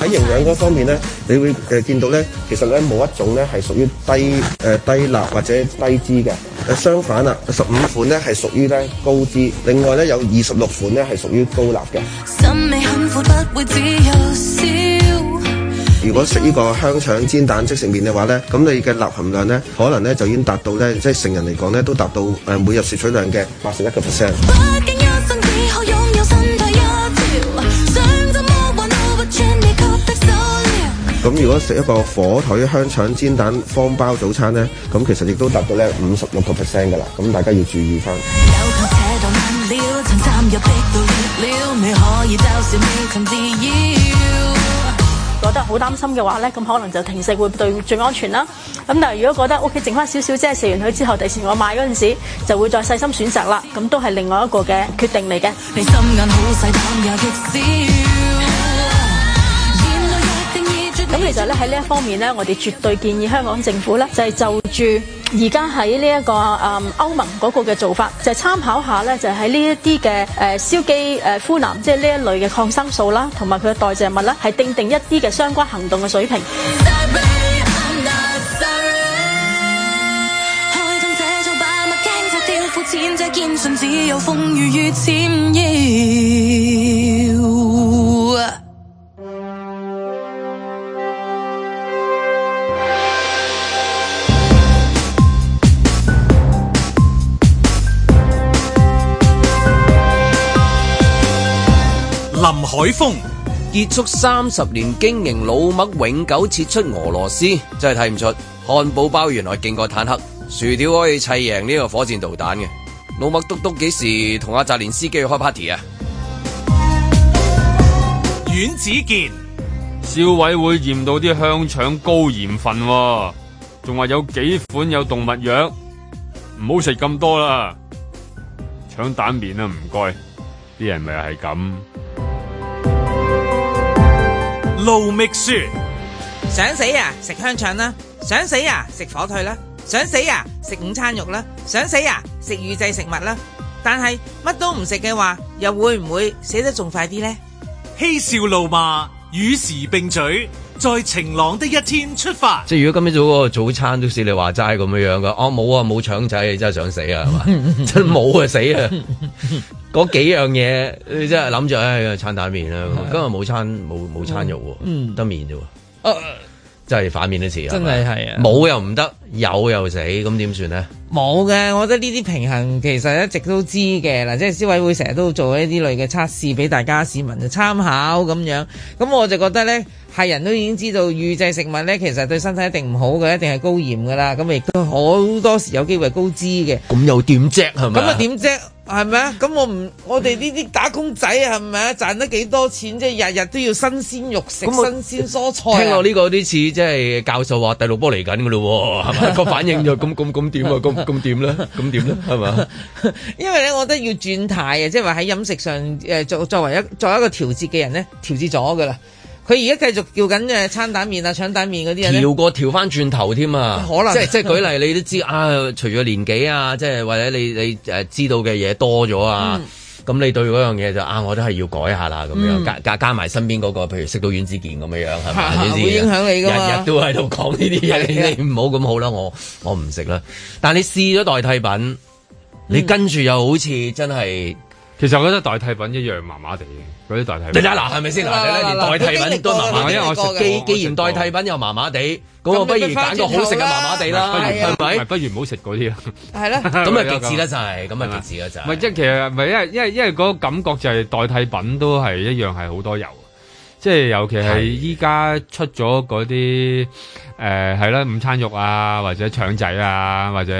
喺營養嗰方面咧，你會誒見到咧，其實咧冇一種咧係屬於低誒、呃、低鈉或者低脂嘅，誒、呃、相反啊，十五款咧係屬於咧高脂，另外咧有二十六款咧係屬於高鈉嘅。心味如果食呢個香腸煎蛋即食麵嘅話咧，咁你嘅鈉含量咧，可能咧就已經達到咧，即係成人嚟講咧都達到誒每日攝取量嘅八十一個 percent。咁如果食一個火腿香腸煎蛋方包早餐咧，咁其實亦都達到咧五十六個 percent 㗎喇，咁大家要注意返。覺得好擔心嘅話咧，咁可能就停食會對最安全啦。咁但係如果覺得屋企剩翻少少即係，食完佢之後，第時我買嗰陣時，就會再細心選擇啦。咁都係另外一個嘅決定嚟嘅。咁其實咧喺呢一方面咧，我哋絕對建議香港政府咧就係，就住。而家喺呢一個誒、嗯、歐盟嗰個嘅做法，就係、參考下咧，就喺呢一啲嘅誒硝基誒呋、呃、喃，即係呢一類嘅抗生素啦，同埋佢嘅代謝物啦，係定定一啲嘅相關行動嘅水平。百信，只有風雨林海峰，結束三十年經營，老麥永久撤出俄羅斯，真係睇唔出漢堡包原來勁過坦克，薯條可以砌贏呢個火箭導彈嘅。老麥督督幾時同阿澤連斯基去開 party 啊？阮子健，消委會驗到啲香腸高鹽分，仲話有幾款有動物藥，唔好食咁多啦。腸蛋麵啊，唔該，啲人咪係咁。盧覓雪，想死啊！食香腸啦，想死啊！食火腿啦，想死啊！食午餐肉啦，想死啊！食預製食物啦。但係乜都唔食嘅話，又會唔會死得仲快啲呢？嬉笑怒罵與時並嘴，在晴朗的一天出發。即係 [NOISE] 如果今日早嗰個早餐都似你話齋咁樣樣噶，哦冇啊冇腸、啊、仔，真係想死啊係嘛，真冇啊死啊！嗰 [LAUGHS] 幾樣嘢，你真係諗住咧，餐蛋麵啦。今日冇餐，冇冇餐肉，嗯，得麵啫。誒、啊， [LAUGHS] 嗯、真係反面的事啊！真係係啊！冇又唔得，有又死，咁點算呢？冇嘅，我覺得呢啲平衡其實一直都知嘅。嗱、啊，即係消委會成日都做一啲類嘅測試俾大家市民就參考咁樣。咁我就覺得咧，係人都已經知道預製食物咧，其實對身體一定唔好嘅，一定係高鹽噶啦。咁亦都好多時有機會高脂嘅。咁又點啫？係咪？咁啊，點啫？係咪啊？咁我唔，我哋呢啲打工仔係咪啊？賺得幾多錢？即係日日都要新鮮肉食，那麼 新鮮蔬菜。聽我呢個啲似即係教授話第六波嚟緊嘅咯喎，係咪？個 [LAUGHS] 反應就咁咁咁點啊？咁咁點咧？咁點咧？係咪？ [LAUGHS] 因為咧，我覺得要轉態啊，即係話喺飲食上誒作作為一作為一個調節嘅人咧，調節咗嘅啦。佢而家繼續叫緊嘅餐蛋麵啊、腸蛋麵嗰啲啊，調過調翻轉頭添啊，可能即係即係舉例，你都知啊，除咗年紀啊，即係或者你你誒知道嘅嘢多咗啊，咁、嗯、你對嗰樣嘢就啊，我都係要改下啦咁樣、嗯，加加埋身邊嗰、嗰個，譬如識到袁子健咁樣樣係嘛？會影響你㗎嘛？日日都喺度講呢啲嘢，你唔好咁好啦，我我唔食啦。但係你試咗代替品，嗯、你跟住又好似真係，其實我覺得代替品一樣麻麻地。啲代替品啦，嗱，係咪先？嗱，你咧，連代替品都麻麻，我既，既然代替品又麻麻地，咁啊，不如揀個好食嘅麻麻地啦，係咪？不如唔好食嗰啲啦，係啦，咁啊極致啦就係，咁啊極致啦就。唔係即係其實唔係因為因為因為嗰個感覺就係代替品都係一樣係好多油。即係尤其係依家出咗嗰啲，誒係啦，午餐肉啊，或者腸仔啊，或者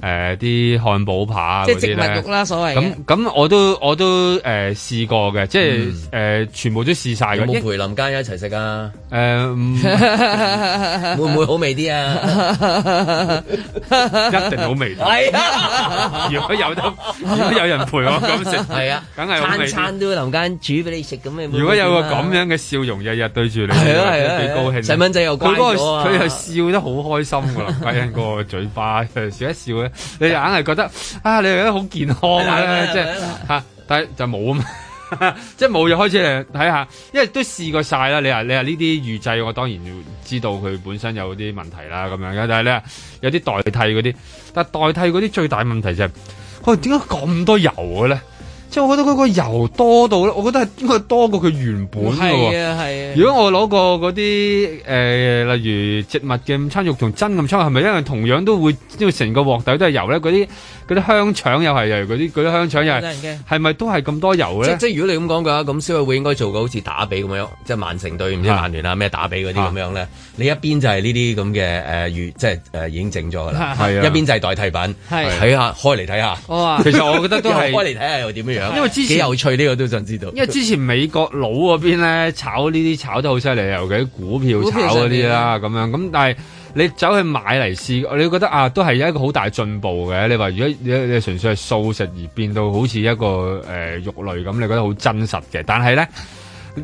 誒啲漢堡扒啊，即係植物肉啦，所謂咁，咁我都我都誒試過嘅，即係誒全部都試晒。咁冇陪林間一齊食啊？誒，會唔會好味啲啊？一定好味，如果有得如果有人陪我咁食，係啊，梗係好味。餐餐都林間煮俾你食咁，如果有個咁樣。笑容日日對住你，係啊係啊，幾高興。細蚊仔又佢嗰個佢又笑得好開心噶啦，威欣個嘴巴笑一笑咧，你就硬係覺得啊，你又覺得好健康咧，即係吓，但係就冇啊嘛，即係冇就開始嚟睇下，因為都試過晒啦。你話你話呢啲預製，我當然要知道佢本身有啲問題啦，咁樣，但係咧有啲代替嗰啲，但係代替嗰啲最大問題就係，喂，點解咁多油嘅咧？即係我覺得嗰個油多到咧，我覺得係應該多過佢原本嘅喎。啊如果我攞過嗰啲誒，例如植物嘅午餐肉同真咁燜，係咪一樣同樣都會因為成個鍋底都係油咧？嗰啲啲香腸又係，嗰啲啲香腸又係，係咪都係咁多油咧？即係如果你咁講嘅話，咁消委會應該做個好似打比咁樣，即係曼城對唔知曼聯啊咩打比嗰啲咁樣咧？你一邊就係呢啲咁嘅誒，即係誒已經整咗嘅啦，一邊就係代替品，睇下開嚟睇下。其實我覺得都係開嚟睇下又點樣。因為之前有趣呢個都想知道，因為之前美國佬嗰邊咧炒呢啲炒得好犀利，尤其啲股票炒嗰啲啦，咁樣咁。但係你走去買嚟試，你覺得啊，都係有一個好大進步嘅。你話如果你你純粹係素食而變到好似一個誒、呃、肉類咁，你覺得好真實嘅。但係咧，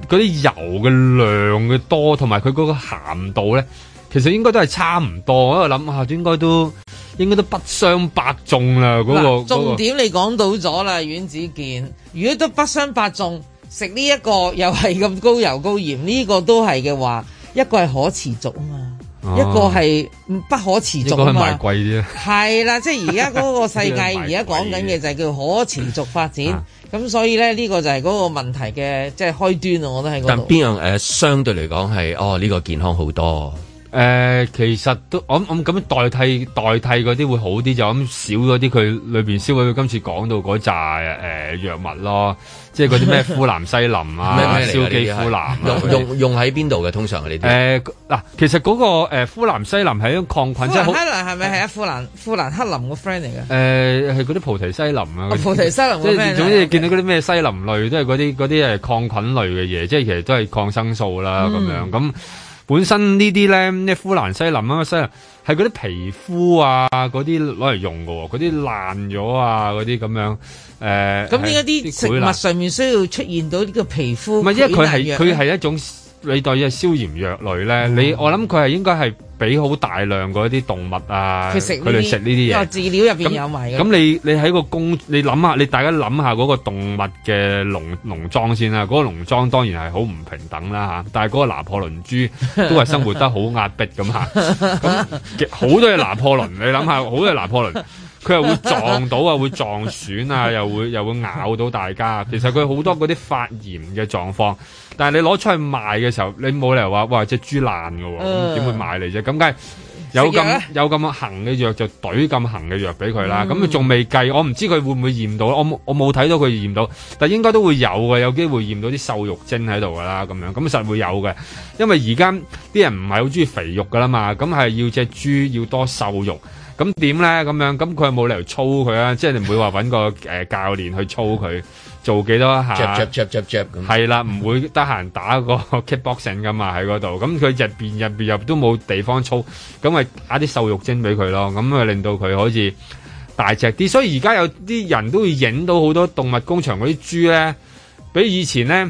嗰啲油嘅量嘅多，同埋佢嗰個鹹度咧，其實應該都係差唔多。我喺度諗下、啊、啲應該都。應該都不相伯仲啦，嗰、那個重點你講到咗啦，阮子健。如果都不相伯仲，食呢一個又係咁高油高鹽，呢、這個都係嘅話，一個係可持續啊嘛，哦、一個係不可持續嘛。應該賣貴啲啊。係啦，即係而家嗰個世界而家講緊嘅就係叫可持續發展。咁、 [LAUGHS] 啊、所以咧呢、這個就係嗰個問題嘅即係開端啊！我都喺嗰度。但邊樣誒相對嚟講係哦呢、這個健康好多？誒、呃，其實都我我咁代替代替嗰啲會好啲，就咁少咗啲佢裏邊燒，佢今次講到嗰扎誒藥物咯，即係嗰啲咩呋喃西林啊，硝 [LAUGHS] 基呋喃，啊、 [LAUGHS] 用用用喺邊度嘅通常，呃、啊呢啲誒嗱，其實嗰、嗰個誒呋喃西林係一種抗菌，富蘭克林係咪係阿富蘭富蘭克林個 friend 嚟嘅？誒、呃，係嗰啲菩提西林啊，菩提、啊、些西林即係是 總之你 Okay. 見到嗰啲咩西林類，都係嗰啲啲係抗菌類嘅嘢，即係其實都係抗生素啦咁，嗯、樣咁。嗯本身呢啲咧，咩呋喃西林啊，西林係嗰啲皮膚啊，嗰啲攞嚟用嘅喎，嗰啲爛咗啊，嗰啲咁樣，誒、呃，咁呢一啲食物上面需要出現到呢個皮膚，唔係，因為佢係佢係一種，你對嘅消炎藥類咧，嗯、你我諗佢係應該係。俾好大量嗰啲動物啊，佢哋食呢啲嘢，因為飼料入邊有味。咁你你喺個工，你諗下，你大家諗下嗰個動物嘅農農莊先啦。嗰個農莊當然係好唔平等啦嚇，但係嗰個拿破崙豬都係生活得好壓迫咁嚇。咁好 [LAUGHS] [LAUGHS] 多嘢拿破崙，你諗下，好多嘢拿破崙。 [LAUGHS] 佢又會撞到啊，會撞損啊，又會又會咬到大家。其實佢好多嗰啲發炎嘅狀況，但係你攞出去賣嘅時候，你冇理由話，哇！隻豬爛嘅喎，點會賣嚟啫？咁梗係有咁有咁行嘅藥，就懟咁行嘅藥俾佢啦。咁佢仲未計，我唔知佢會唔會驗到，我我冇睇到佢驗到，但係應該都會有嘅，有機會驗到啲瘦肉精喺度㗎啦。咁樣咁實會有嘅，因為而家啲人唔係好中意肥肉㗎啦嘛，咁係要隻豬要多瘦肉。咁點咧？咁、嗯、樣咁佢又冇理由操佢啊！即係你唔會話揾個誒教練去操佢做幾多下？係啦，唔會得閒打個 kickboxing 㗎嘛。喺嗰度。咁佢入邊入邊入都冇地方操，咁咪打啲瘦肉精俾佢咯。咁咪令到佢好似大隻啲。所以而家有啲人都會影到好多動物工場嗰啲豬咧，比以前咧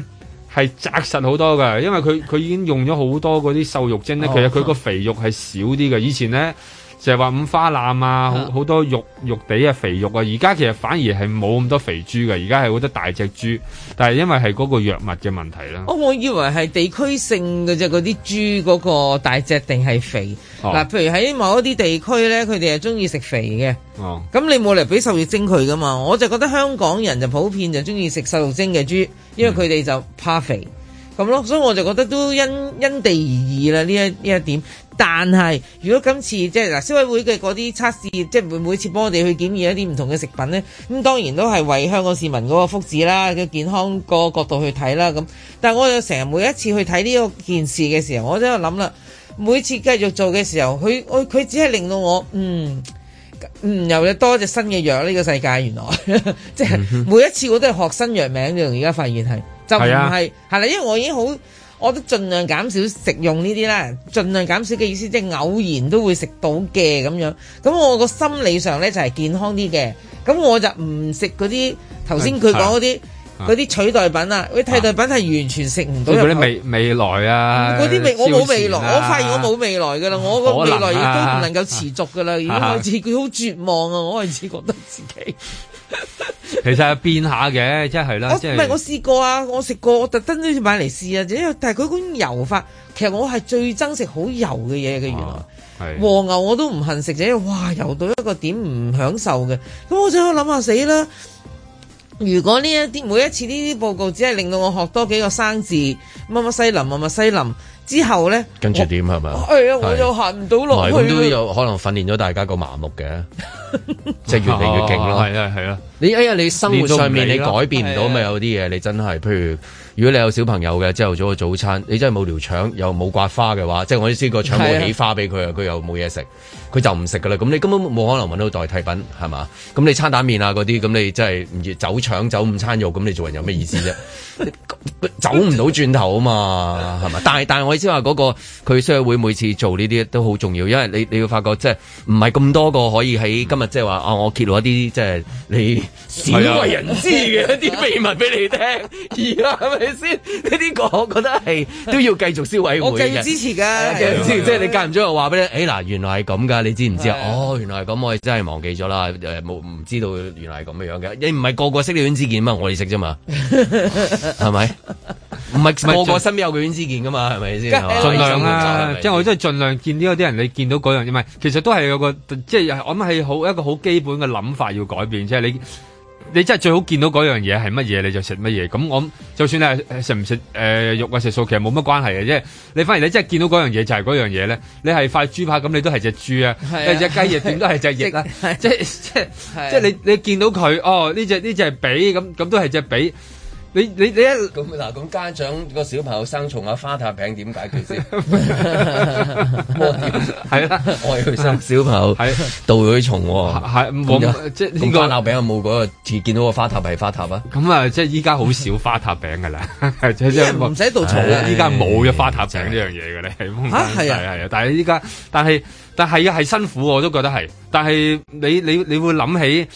係紮實好多嘅，因為佢佢已經用咗好多嗰啲瘦肉精咧。 [LAUGHS] 其實佢個肥肉係少啲嘅。以前咧。就係話五花腩啊，好好多肉肉地啊，肥肉啊。而家其實反而係冇咁多肥豬嘅，而家係好多大隻豬，但係因為係嗰個藥物嘅問題啦、哦。我以為係地區性嘅啫，嗰啲豬嗰個大隻定係肥嗱、哦啊？譬如喺某一啲地區咧，佢哋係鍾意食肥嘅。哦，咁你冇嚟俾瘦肉精佢噶嘛？我就覺得香港人就普遍就鍾意食瘦肉精嘅豬，因為佢哋就怕肥。嗯咁咯，所以我就覺得都因因地而異啦呢一呢一點。但係如果今次即係嗱消委會嘅嗰啲測試，即係每每次幫我哋去檢驗一啲唔同嘅食品咧，咁當然都係為香港市民嗰個福祉啦、嘅健康個角度去睇啦咁。但係我又成日每一次去睇呢個件事嘅時候，我都有諗啦。每次繼續做嘅時候，佢佢佢只係令到我嗯嗯又多隻新嘅藥呢、這個世界原來， [LAUGHS] 即係 [LAUGHS] 每一次我都係學新藥名嘅。而家發現係。就唔係係啦，因為我已經好，我都盡量減少食用呢啲啦，盡量減少嘅意思即係偶然都會食到嘅咁樣。咁我個心理上咧就係健康啲嘅，咁我就唔食嗰啲頭先佢講嗰啲啲取代品啦，嗰啲替代品係完全食唔到。嗰啲未未來啊，嗰啲未我冇未來，我發現我冇未來噶啦，我個未來亦都唔能夠持續噶啦，我開始好絕望啊，我開始覺得自己。 [LAUGHS] 其實係變下嘅，即係啦，即唔係我試過啊，我食過，我特登都要買嚟試啊，但係佢嗰種油法，其實我係最憎食好油嘅嘢嘅。啊、原來是的 和牛我都唔恨食，只係哇油到一個點唔享受嘅，咁我就諗下死啦，如果呢一啲每一次呢啲報告只係令到我學多幾個生字乜乜西林乜乜西林。乜乜西林之後咧，跟住點係咪？係啊，吧哎、我又行唔到落去。都有可能訓練咗大家個麻木嘅， [LAUGHS] 即係越嚟越勁咯。係啊，係啊。你哎呀，你生活上面你，你改變唔到咪有啲嘢，你真係譬如，如果你有小朋友嘅朝頭早嘅早餐，你真係冇條腸又冇刮花嘅話，即係我意思個腸冇起花俾佢啊，佢的又冇嘢食。佢就唔食噶啦，咁你根本冇可能揾到代替品，係嘛？咁你餐蛋麵啊嗰啲，咁你真係唔走搶走午餐肉，咁你做人有咩意思啫？走唔到轉頭啊嘛，係嘛？但係但係我意思話嗰個佢消委會每次做呢啲都好重要，因為你你會發覺即係唔係咁多個可以喺今日即係話我揭露一啲即係你少為人知嘅一啲秘密俾你聽，而家係咪先？呢啲我覺得係都要繼續消委會我繼續支持嘅，繼續支持。即係你間唔中又話俾你，誒嗱，原來係咁㗎。你知唔知啊？是的 哦，原來係咁，我真係忘記咗啦。誒，冇唔知道，原來係咁嘅樣嘅。你唔係個個識你面之見嘛？我哋識啫嘛，係咪 [LAUGHS] ？唔係 [LAUGHS] 個個身邊有兩面之見噶嘛？係咪先？盡量啦，即係我真係盡量見呢嗰啲人，你見到嗰樣嘢，唔係其實都係有個，即係我諗係好一個好基本嘅諗法要改變，即係你。你真係最好見到嗰樣嘢係乜嘢，你就食乜嘢。咁我就算你係食唔食誒肉啊食素，其實冇乜關係嘅，即係你反而你真係見到嗰樣嘢就係嗰樣嘢咧。你係塊豬扒，咁你都係隻豬啊。係是、啊、隻雞翼，點是、啊、都係隻翼啊。即即是、啊、即你你見到佢，哦呢隻呢隻係髀，咁咁都係隻髀。你你你一咁嗱，咁家長個小朋友生蟲啊，花塔餅點解決先？摸 [LAUGHS] 點 ads, [LAUGHS] collisions？係 [LAUGHS] 啦、啊， [LAUGHS] 就我要去生小朋友，係杜佢蟲喎。即係呢個花塔餅有冇嗰個見到個花塔係花塔啊？咁啊， [LAUGHS] 即係依家好少花塔餅噶啦，唔使杜蟲啦。依家冇嘅花塔餅呢樣嘢嘅咧。嚇係啊，係啊！但係依家，但係但係啊，係辛苦我都覺得係。但係你你你會諗起，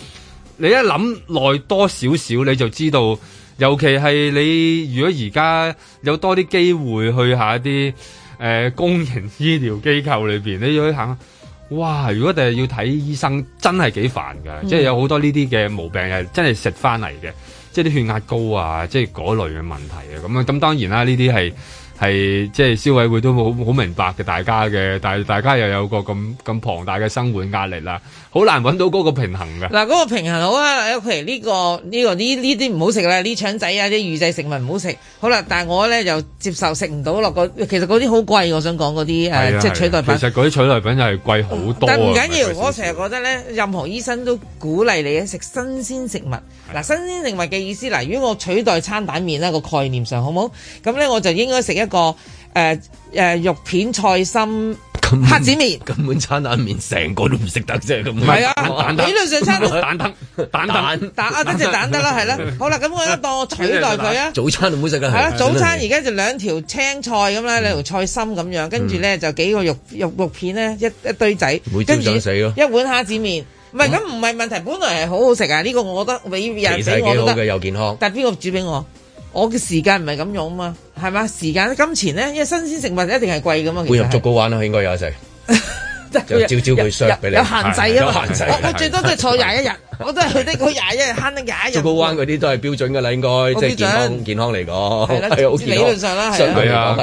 你一諗耐多少少，你就知道。尤其係你如果而家有多啲機會去下一啲誒公營醫療機構裏邊，你去行，哇！如果第日要睇醫生，真係幾煩㗎，即係有好多呢啲嘅毛病係真係食翻嚟嘅，即係啲血壓高啊，即係嗰類嘅問題啊。咁、嗯、啊，咁當然啦，呢啲係係即係消委會都好好明白嘅，大家嘅，但係大家又有個咁咁龐大嘅生活壓力啦、啊。好難揾到嗰個平衡噶。嗱，嗰個平衡好啊。譬如呢、呢個呢、呢個呢呢啲唔好食啦，呢腸仔啊，啲預製食物唔好食。好啦，但係我咧就接受食唔到落、個，其實嗰啲好貴。我想講嗰啲誒，即係是的、啊即係、取代品。其實嗰啲取代品就係貴好多。嗯、但唔緊要，我成日覺得咧，任何醫生都鼓勵你咧食新鮮食物。嗱的、啊，新鮮食物嘅意思，嗱，如果我取代餐蛋麵啦，個概念上好唔好？咁咧我就應該食一個誒誒、呃呃、肉片菜心。蝦子麵根本餐蛋麵成個都唔食得啫，咁蛋蛋得理論上餐蛋得蛋蛋，蛋阿得就蛋得啦，係啦。好啦，咁我當我取代佢啊。早餐唔好食啦。係啦，早餐而家就兩條青菜咁啦，兩條菜心咁樣，跟住咧就幾個肉肉肉片咧一一堆仔，跟住一碗蝦子麵。唔係咁唔係問題，本來係好好食啊！呢個我覺得俾我我覺得又健康，但邊個煮俾我？我嘅時間唔係咁用啊嘛，係嘛？時間、金錢咧，因為新鮮食物一定係貴噶嘛，其實。會入足高玩啦，應該有一隻。 [LAUGHS] 照照佢上俾你有限制啊嘛，限制。我最多都係坐廿一日，我都係去得嗰廿一日慳得廿一日。最高溫嗰啲都係標準㗎啦，應該健康健康嚟講係，理論上啦係啦，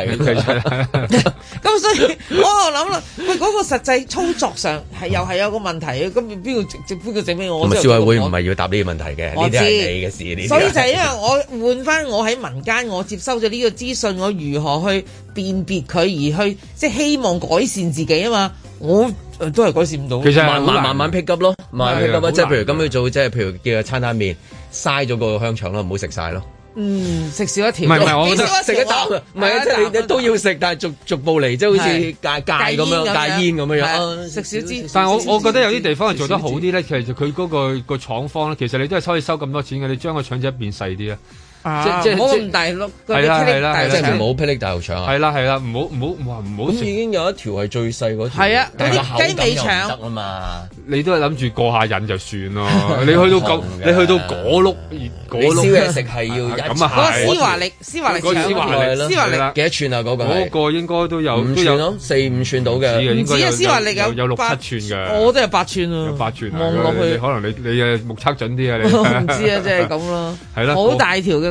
咁所以我諗啦，佢嗰個實際操作上係又係有個問題。咁邊個邊個整俾我？同消委會唔係要答呢個問題嘅，呢啲係你嘅事。所以就係因為我換翻我喺民間，我接收咗呢個資訊，我如何去辨別佢，而去即係希望改善自己啊嘛。我都係改善唔到，其實慢慢慢慢 pick up 咯，慢慢 pick up 啊！即係譬如咁樣做，即係譬如叫佢餐蛋麵嘥咗個香腸咯，唔好食晒咯。嗯，食少一條，唔係唔係，我覺得食一啖，唔係即係你都要食，但係逐逐步嚟，即係好似戒戒咁樣戒煙咁樣樣食少支。但係我我覺得有啲地方係做得好啲咧，其實佢嗰個個廠方咧，其實你都係可以收咁多錢嘅，你將個腸仔變細啲啊！即係冇咁大碌，嗰啲霹靂大牛腸，冇霹靂大牛腸啊！係啦係啦，唔好唔好，哇唔好！已經有一條係最細嗰條，係啊，嗰啲雞尾腸啊嘛。你都係諗住過下癮就算咯。你去到咁，你去到嗰碌嗰碌，你燒嘢食係要咁啊？係嗰個思華力，思華力長咗力幾多寸啊？嗰個嗰個應該都有，五寸四五寸到嘅。唔止啊，思華力有有六七寸嘅。我都係八寸啊！八寸望落去，可能你你嘅目測準啲啊？我唔知啊，即係咁咯。係啦，好大條嘅。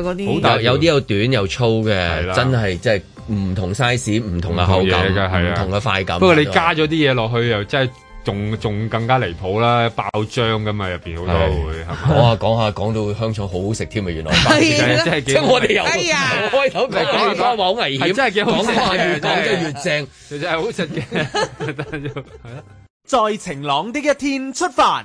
好，有啲又短又粗嘅，真係即係唔同 size，唔同嘅口感，唔同嘅快感。不過你加咗啲嘢落去，又真係仲仲更加離譜啦，爆漿㗎嘛，入邊好多嘢。講下講下，講到香草好好食添啊，原來係真係，即係我哋又啲啊，開口講講講好危險，真係幾好食。講話越講就越正，其實係好食嘅。係啦，在晴朗的一天出發。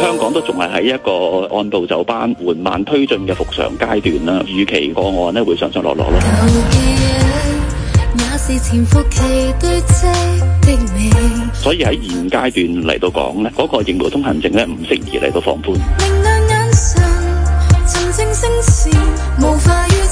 香港都仲係喺一個按部就班、緩慢推進嘅復常階段啦，預期個案呢會上上落落咯。所以喺現階段嚟到講咧，嗰個疫苗通行證咧唔適宜嚟到放寬。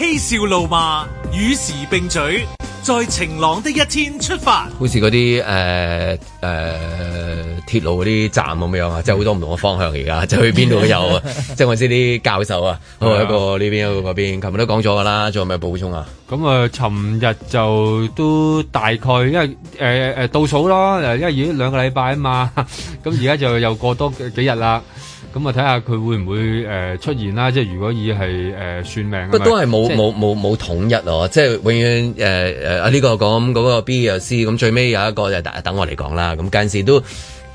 嬉笑怒罵，與時並嘴。在晴朗的一天出發，好似嗰啲誒誒鐵路嗰啲站咁樣啊，即係好多唔同嘅方向而家，就去邊度都有。 [LAUGHS] 即係我知啲教授啊，喺個呢邊一個嗰邊，琴日都講咗㗎啦，仲有咩補充啊？咁啊，尋、呃、日就都大概，因為誒誒倒數咯，因為已經兩個禮拜啊嘛，咁而家就又過多幾日啦。咁啊，睇下佢會唔會誒出現啦？即係如果以係誒算命，不都係冇冇冇冇統一，咯？即係永遠誒誒啊！呢、這個講嗰、那個 B E C 咁，最尾有一個就等我嚟講啦。咁間事都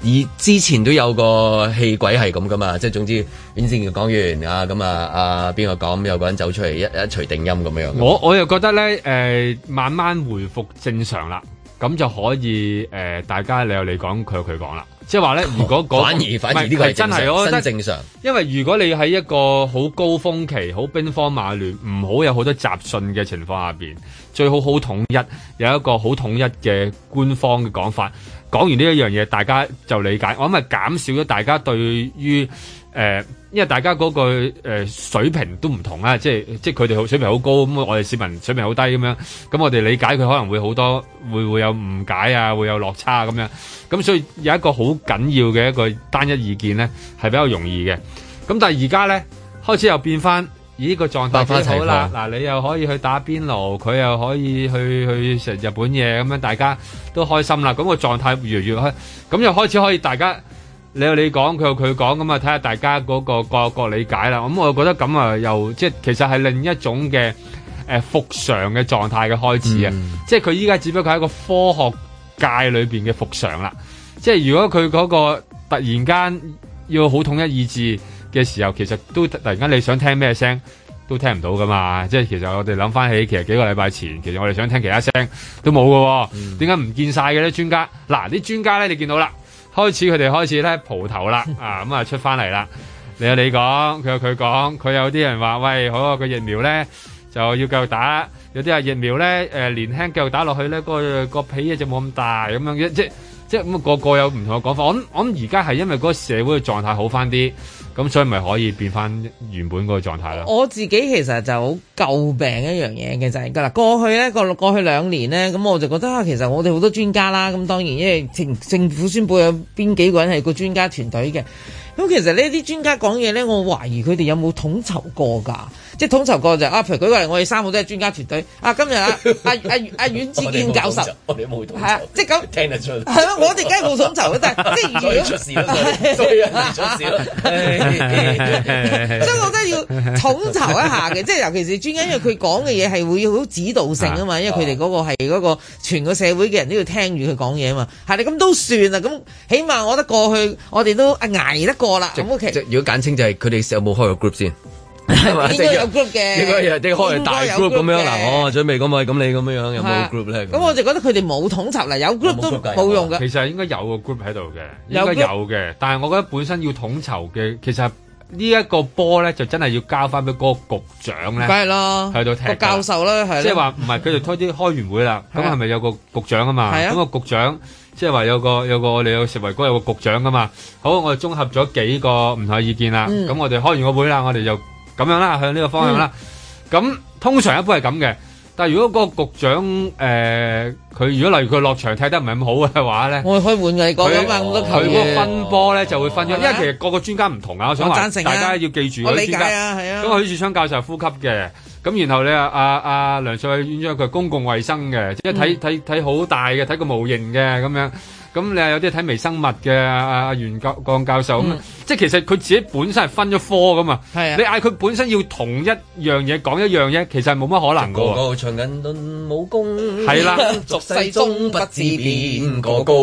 以之前都有個戲鬼係咁噶嘛？即係總之先講完啊，咁啊啊邊個講，有個人走出嚟一一錘定音咁樣，我我又覺得咧誒、呃、慢慢回復正常啦，咁就可以誒、呃、大家你有你講佢有佢講啦。即係話咧，如果反、嗰個哦、反而呢個係係真係，正常我覺得因為如果你喺一個好高峰期、好兵荒馬亂，唔好有好多雜訊嘅情況下邊，最好好統一，有一個好統一嘅官方嘅講法。講完呢一樣嘢，大家就理解。我諗係減少咗大家對於。誒、呃，因為大家嗰、那、句、個呃、水平都唔同啦，即係即係佢哋好水平好高，咁我哋市民水平好低咁樣，咁我哋理解佢可能會好多，會會有誤解啊，會有落差咁樣，咁所以有一個好緊要嘅一個單一意見咧，係比較容易嘅。咁但係而家咧開始又變翻，咦個狀態幾好啦！嗱，你又可以去打邊爐，佢又可以去去食日本嘢，咁樣大家都開心啦。咁個狀態越嚟越開，咁又開始可以大家。你有你講，佢有佢講，咁啊睇下大家嗰、嗰個個理解啦。咁、嗯、我又覺得咁啊，又即係其實係另一種嘅誒、呃、復常嘅狀態嘅開始啊。嗯、即係佢依家只不過係一個科學界裏邊嘅復常啦。即係如果佢嗰個突然間要好統一意志嘅時候，其實都突然間你想聽咩聲都聽唔到噶嘛。即係其實我哋諗翻起，其實幾個禮拜前，其實我哋想聽其他聲都冇噶、哦。點解唔見晒嘅咧？專家嗱，啲專家咧，你見到啦。開始佢哋開始咧蒲頭啦，啊咁啊、嗯嗯、出翻嚟啦，你有你講，佢有佢講，佢有啲人話喂，好啊、個疫苗咧就要繼續打，有啲啊疫苗咧誒、呃、年輕繼續打落去咧個個皮嘢就冇咁大咁樣。即即即咁啊個個有唔同嘅講法，我我諗而家係因為嗰個社會嘅狀態好翻啲。咁所以咪可以變翻原本嗰個狀態咯。我自己其實就詬病一樣嘢，嘅，就而家啦，過去呢過過去兩年呢，咁我就覺得啊，其實我哋好多專家啦，咁當然因為政政府宣佈有邊幾個人係個專家團隊嘅。咁其實呢啲專家講嘢咧，我懷疑佢哋有冇統籌過㗎，即係統籌過就、啊，譬如舉個例，我哋三個都係專家團隊，啊今日啊阿啊啊阮志、啊、健教授，我哋冇統籌，係啊，即係咁聽得出，係咯、啊，我哋梗係冇統籌啦，但係 [LAUGHS] 即係如果出事，所以我真係要統籌一下嘅，即係尤其是專家因是，因為佢講嘅嘢係會好指導性啊嘛，因為佢哋嗰個係嗰個全個社會嘅人都要聽住佢講嘢啊嘛，係你咁都算啦，咁起碼我覺得過去，我哋都捱得。過啦，如果簡稱就係佢哋有冇開個 group 先？應該有 group 嘅，應該有啲開大 group 咁樣。嗱，我準備咁啊，咁你咁樣樣有冇 group 咧？咁我就覺得佢哋冇統籌，嗱有 group 都冇用㗎。其實應該有個 group 喺度嘅，應該有嘅。但係我覺得本身要統籌嘅，其實呢一個波咧就真係要交翻俾嗰個局長咧。梗係啦，喺度踢教授啦，係。即係話唔係佢哋推啲開完會啦，咁係咪有個局長啊嘛？咁個局長。即係話有個有個我哋有食衞局有個局長㗎嘛，好，我哋綜合咗幾個唔同嘅意見啦，咁、嗯、我哋開完個會啦，我哋就咁樣啦，向呢個方向啦。咁、嗯、通常一般係咁嘅，但係如果嗰個局長誒，佢、呃、如果例如佢落場踢得唔係咁好嘅話咧，我哋開換嘅講啊嘛，佢佢他、哦、個分波咧就會分咗，哦、因為其實個個專家唔同、哦、啊，我想話大家要記住嗰啲。我贊成啊。我理解啊，係啊，咁啊，許樹昌教授係呼吸嘅。咁然後呢，阿阿梁卓偉院長佢係公共衛生嘅，即係睇睇睇好大嘅，睇個模型嘅咁樣。咁你有啲睇微生物嘅阿袁教江教授咁，即係其實佢自己本身係分咗科噶嘛。係啊，你嗌佢本身要同一樣嘢講一樣嘢，其實冇乜可能噶。我唱緊論武功，係啦，俗世中不知邊個高。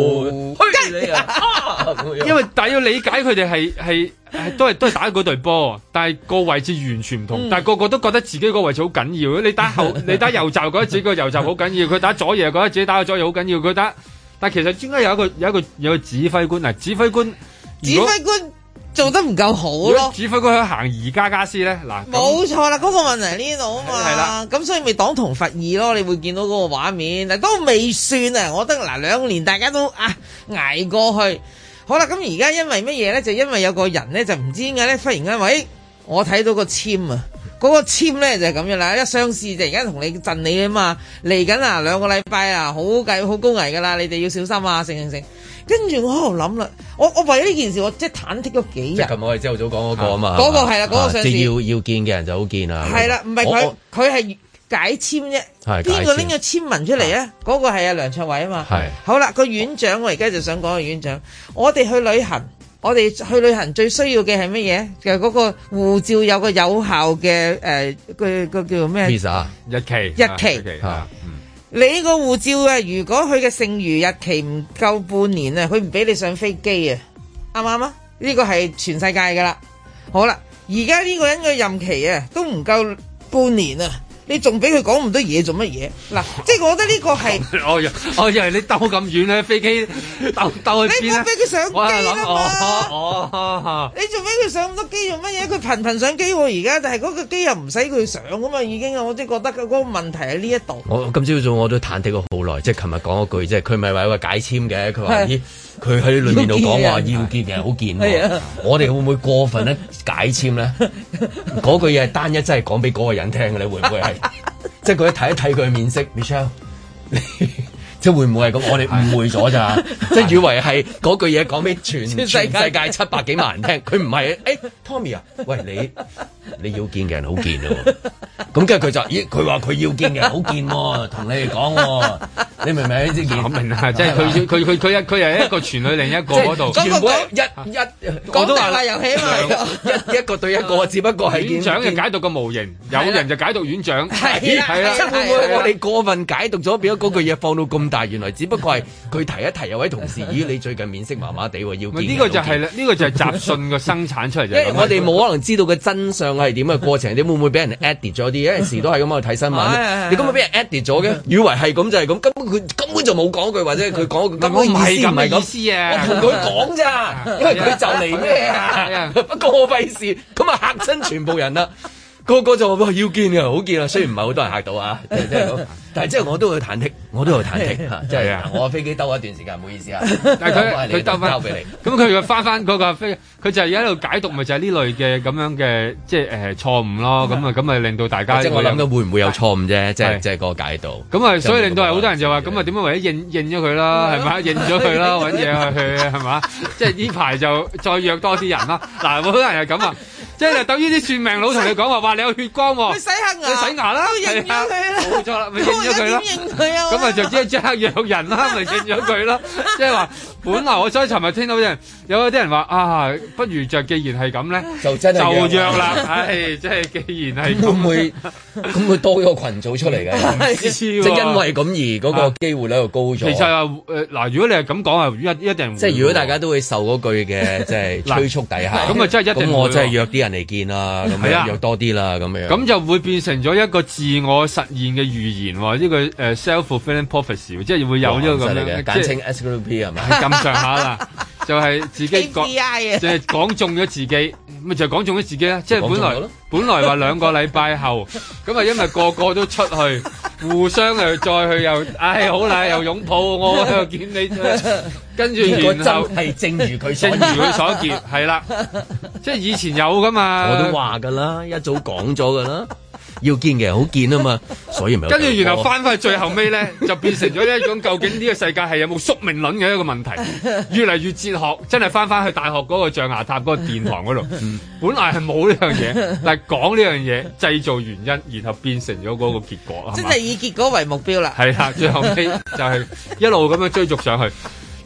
因為大家要理解佢哋係係都係都係打嗰隊波，但係個位置完全唔同。但係個個都覺得自己個位置好緊要。你打後，你打右閘覺得自己個右閘好緊要；佢打左翼又覺得自己打個左翼好緊要；佢打。但其實應該有一個有一個有一個指揮官嗱，指揮官，指揮官，指揮官做得唔夠好咯。指揮官喺行宜家家私咧，嗱，冇錯啦，嗰個問題喺呢度啊嘛。咁所以咪黨同伐異咯，你會見到嗰個畫面，但都未算啊，我覺得嗱兩年大家都啊捱過去，好啦，咁而家因為乜嘢咧？就因為有個人咧，就唔知點解咧，忽然間喂、哎，我睇到個簽啊！嗰個籤咧就係咁樣啦，一上市就而家同你震你啊嘛，嚟緊啊兩個禮拜啊好計好高危噶啦，你哋要小心啊！成成成，跟住我喺度諗啦，我我為咗呢件事我即係忐忑咗幾日。即係琴日我哋朝早講嗰個啊嘛。嗰個係啦，嗰個上市要要見嘅人就好見啦。係啦，唔係佢佢係解籤啫，邊個拎咗簽文出嚟啊？嗰個係啊梁卓偉啊嘛。係。好啦，個院長我而家就想講個院長，我哋去旅行。我哋去旅行最需要嘅係乜嘢？就係、是、嗰個護照有個有效嘅誒，個、呃、個叫咩？Visa M 日期日期吓，期啊嗯、你個護照啊，如果佢嘅剩餘日期唔夠半年啊，佢唔俾你上飛機啊，啱唔啱啊？呢、這個係全世界噶啦。好啦，而家呢個人嘅任期啊，都唔夠半年啊。你仲俾佢講咁多嘢做乜嘢？嗱、啊，即係我覺得呢個係，我以為我以為你鬥咁遠咧，飛機鬥鬥去邊咧？你仲俾佢上機啊？你仲俾佢上咁多機做乜嘢？佢頻頻上機喎，而家就係嗰個機又唔使佢上噶嘛，已經啊，我即係覺得個嗰個問題喺呢一度。我今朝早我都忐忑過好耐，即係琴日講嗰句，即係佢咪話解簽嘅，佢話咦。佢喺裏面度講，話要見人好是見喎，的我哋會唔會過分咧解籤咧？嗰 [LAUGHS] 句嘢單一真係講俾嗰個人聽嘅，你會唔會係？ [LAUGHS] 即係佢一睇一睇佢面色 [LAUGHS] ，Michelle。即係會唔會係咁？我哋誤會咗咋，即係以為係嗰句嘢講俾全世界七百幾萬人聽。佢唔係，誒 Tommy 啊，喂，你你要見嘅人好見喎。咁跟住佢就咦，佢話佢要見嘅人好見喎，同你哋講喎。你明唔明先？我明啦，即係佢佢佢佢佢係一個傳去另一個嗰度。全部一一廣東話遊戲嘛，一一個對一個，只不過係。院長嘅解讀個模型，有人就解讀院長。係啊，係會唔會我哋過分解讀咗，變咗嗰句嘢放到咁？但原來只不過係佢提一提有位同事，咦？你最近面色麻麻地喎，要呢個就係咧，呢個就係雜訊個生產出嚟啫。我哋冇可能知道個真相係點嘅過程，你會唔會俾人 edit 咗啲？有陣時都係咁去睇新聞，你今日俾人 edit 咗嘅？以為係咁就係咁，根本佢根本就冇講句，或者佢講。根本唔係咁，唔係咁意思啊！我同佢講咋，因為佢就嚟咩啊？不過我費事，咁啊嚇親全部人啦。個個就話要見嘅，好見啊，雖然唔係好多人嚇到啊。但係即係我都會忐忑，我都會忐忑嚇，真啊！我飛機兜一段時間，唔好意思啊。但係佢佢兜翻交俾你，咁佢如果翻翻嗰個飛，佢就係喺度解讀，咪就係呢類嘅咁樣嘅即係誒錯誤咯。咁啊咁啊，令到大家即我諗到會唔會有錯誤啫？即係即係個解讀。咁啊，所以令到係好多人就話：咁啊，點樣為咗認認咗佢啦？係咪？認咗佢啦，揾嘢去係咪？即係呢排就再約多啲人啦。嗱，好多人係咁啊。即係等於啲算命佬同你講話，話你有血光喎，你洗下牙啦，認咗佢啦，冇錯啦，認咗佢啦。咁啊就即即刻約人啦，咪認咗佢咯。即係話本來我真係尋日聽到啲人，有啲人話啊，不如就既然係咁咧，就就約啦。唉，即係既然係，會唔會咁會多咗羣組出嚟嘅？即係因為咁而嗰個機會率又高咗。其實誒嗱，如果你係咁講啊，一一定即係如果大家都會受嗰句嘅，即係催促底下，咁啊真係一定。咁我真係約啲人。嚟見啦，咁樣又多啲啦，咁樣咁就會變成咗一個自我實現嘅預言喎，呢、這個誒、uh, self fulfilling prophecy，即係會有咗、這、咁、個嗯、樣，簡稱 SFP 係嘛，咁上 [LAUGHS] 下啦。 [LAUGHS] 就係自己講，就係講中咗自己，咪就係講中咗自己啦。即係本來本來話兩個禮拜後，咁啊，因為個個都出去，互相又再去又，唉，好啦，又擁抱，我喺度見你，跟住然後真係正如佢所所見，係啦，即係以前有㗎嘛，我都話㗎啦，一早講咗㗎啦。要見嘅，好見啊嘛，所以咪跟住，然後翻翻去最後尾咧，就變成咗呢一種究竟呢個世界係有冇宿命論嘅一個問題，越嚟越哲學，真係翻翻去大學嗰個象牙塔嗰個殿堂嗰度，嗯、本來係冇呢樣嘢嚟講呢樣嘢，製造原因，然後變成咗嗰個結果，嗯、吧真係以結果為目標啦。係啦，最後尾就係一路咁樣追逐上去。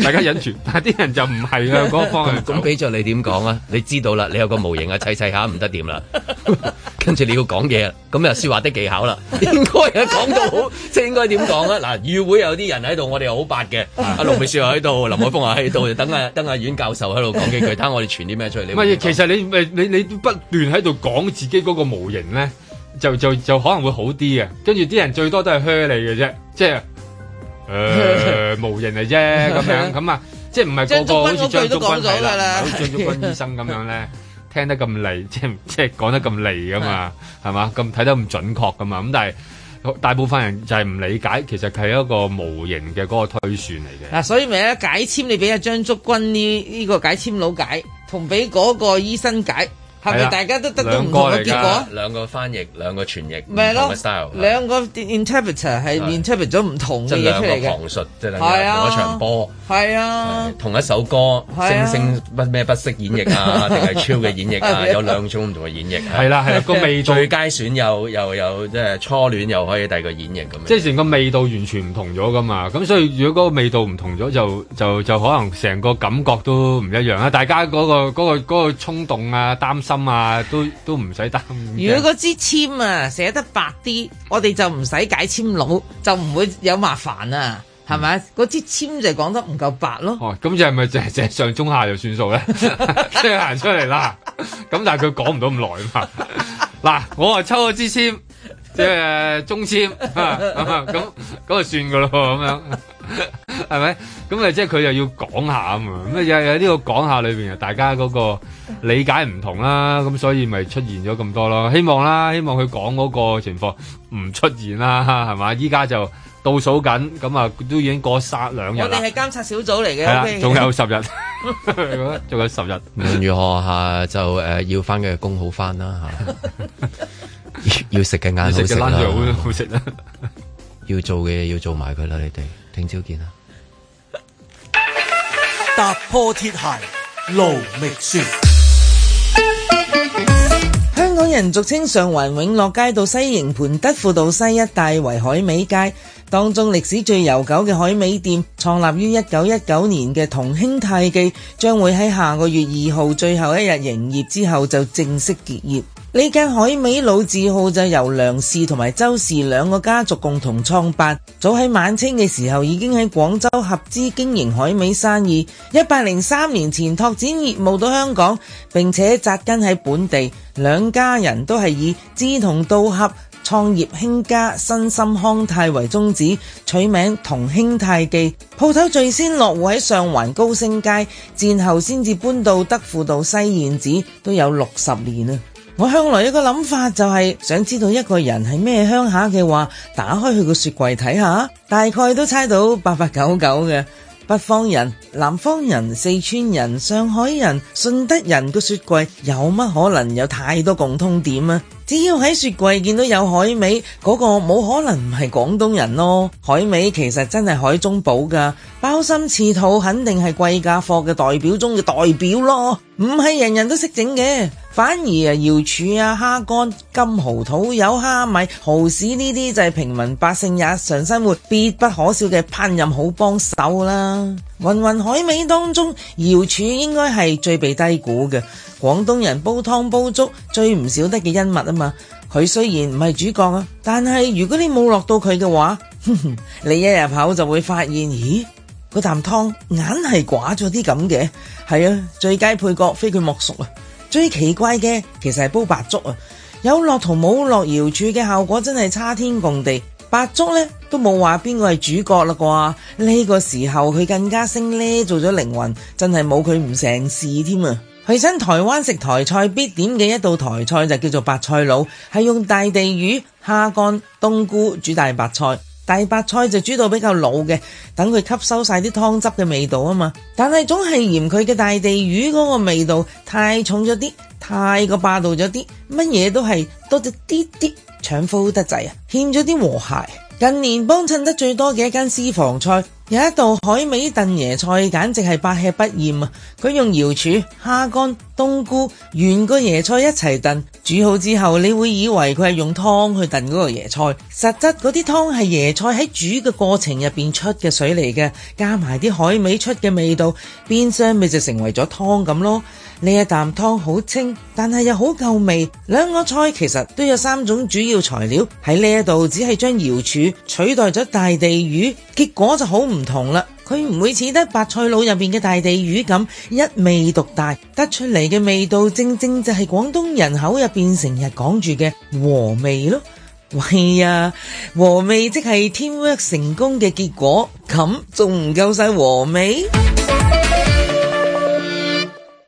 大家忍住，但係啲人就唔係啊，嗰、那個、方啊，咁俾着你點講啊？你知道啦，你有個模型啊，砌砌，砌下唔得掂啦，跟 [LAUGHS] 住你要講嘢，咁又說話的技巧啦， [LAUGHS] 應該講到好，即係應該點講啊？嗱，議會有啲人喺度，我哋又好白嘅，阿龍美雪又喺度，林海峰又喺度，就等啊等啊，院、啊、教授喺度講幾句，睇下我哋傳啲咩出嚟。唔其實你你你，你不斷喺度講自己嗰個模型咧，就就就，就可能會好啲嘅，跟住啲人最多都係噓你嘅啫，即、就、係、是。誒，模型嚟啫，咁樣咁啊，即係唔係個個好似張竹君咁啦，好似張竹君醫生咁樣咧，聽得咁利，即係即係講得咁利噶嘛，係嘛，咁睇得唔準確噶嘛，咁但係大部分人就係唔理解，其實係一個模型嘅嗰個推算嚟嘅。嗱，所以咪咧解簽，你俾阿張竹君呢呢個解簽佬解，同俾嗰個醫生解。係咪大家都得到唔同嘅結果？兩個翻譯，兩個傳譯，style 兩個 interpreter 係 interpret 咗唔同嘅嘢出嚟嘅。即係兩個旁述，即係同一場波，係啊，同一首歌，星星乜咩不息演繹啊，定係超嘅演繹啊，有兩種唔同嘅演繹。係啦，係啦，個味道最佳選又又有即係初戀又可以第二個演繹咁樣，即係成個味道完全唔同咗噶嘛。咁所以如果嗰個味道唔同咗，就就就可能成個感覺都唔一樣啊！大家嗰個嗰個嗰個衝動啊，擔心。啊，都都唔使擔。如果嗰支籤啊寫得白啲，我哋就唔使解籤佬，就唔會有麻煩啊，係咪、嗯？嗰支籤就講得唔夠白咯。哦，咁就係咪就就上中下就算數咧？即係行出嚟 [LAUGHS] [LAUGHS] 啦。咁但係佢講唔到咁耐。嘛、呃。嗱，我啊抽咗支籤，即係中籤，咁咁啊，啊，啊，啊就算噶咯咁樣。啊 [LAUGHS] 係咪咁啊？即係佢又要講下嘛？咁啊又喺呢個講下裏邊啊，大家嗰個理解唔同啦，咁所以咪出現咗咁多咯。希望啦，希望佢講嗰個情況唔出現啦，係嘛？依家就倒數緊，咁啊都已經過晒兩日。我哋係監察小組嚟嘅。係啦，仲有十日，仲有十日。無論如何吓，就誒要翻嘅工好翻啦吓，要食嘅晏好食啦，要做嘅嘢要做埋佢啦，你哋聽朝見啦。踏破鐵鞋勞，未雪，香港人俗稱上環永樂街到西營盤德輔道西一帶為海味街。當中歷史最悠久嘅海味店，創立於一九一九年嘅同興泰記，將會喺下個月二號最後一日營業之後就正式結業。呢間海味老字號就由梁氏同埋周氏兩個家族共同創辦，早喺晚清嘅時候已經喺廣州合資經營海味生意，一百零三年前拓展業務到香港，並且紮根喺本地。兩家人都係以志同道合。創業興家，身心康泰為宗旨，取名同興泰記。鋪頭最先落戶喺上環高升街，戰後先至搬到德輔道西燕子，都有六十年啦。我向來有一個諗法就係、是，想知道一個人係咩鄉下嘅話，打開佢個雪櫃睇下，大概都猜到八八九九嘅。北方人、南方人、四川人、上海人、順德人嘅雪櫃有乜可能有太多共通點啊？只要喺雪櫃見到有海味，嗰個冇可能唔係廣東人咯。海味其實真係海中寶噶，鮑參翅肚肯定係貴價貨嘅代表中嘅代表咯，唔係人人都識整嘅。反而啊，瑤柱啊、蝦乾、金蠔、土有蝦米、蠔豉呢啲就係平民百姓日常生活必不可少嘅烹飪好幫手啦。芸芸海味當中，瑤柱應該係最被低估嘅，廣東人煲湯煲粥最唔少得嘅恩物啊嘛。佢雖然唔係主角啊，但係如果你冇落到佢嘅話呵呵，你一入口就會發現，咦，個啖湯硬係寡咗啲咁嘅。係啊，最佳配角非佢莫屬啊！最奇怪嘅，其實係煲白粥啊！有落同冇落瑤柱嘅效果真係差天共地。白粥呢都冇話邊個係主角啦啩？呢、這個時候佢更加升呢，做咗靈魂，真係冇佢唔成事添啊！去親台灣食台菜必點嘅一道台菜就叫做白菜滷，係用大地魚、蝦乾、冬菇煮大白菜。大白菜就煮到比較老嘅，等佢吸收晒啲湯汁嘅味道啊嘛。但係總係嫌佢嘅大地魚嗰個味道太重咗啲，太過霸道咗啲，乜嘢都係多咗啲啲搶夫得滯啊，欠咗啲和諧。近年幫襯得最多嘅一間私房菜。有一道海味燉椰菜，簡直係百吃不厭啊！佢用瑤柱、蝦乾、冬菇、原個椰菜一齊燉，煮好之後，你會以為佢係用湯去燉嗰個椰菜，實質嗰啲湯係椰菜喺煮嘅過程入邊出嘅水嚟嘅，加埋啲海味出嘅味道，變相咪就成為咗湯咁咯。呢一啖湯好清，但係又好夠味。兩個菜其實都有三種主要材料喺呢一度，只係將瑤柱取代咗大地魚，結果就好唔同啦。佢唔會似得白菜佬入邊嘅大地魚咁一,一味獨大，得出嚟嘅味道正正就係廣東人口入邊成日講住嘅和味咯。喂呀，「和味即係添 e 成功嘅結果，咁仲唔夠晒和味？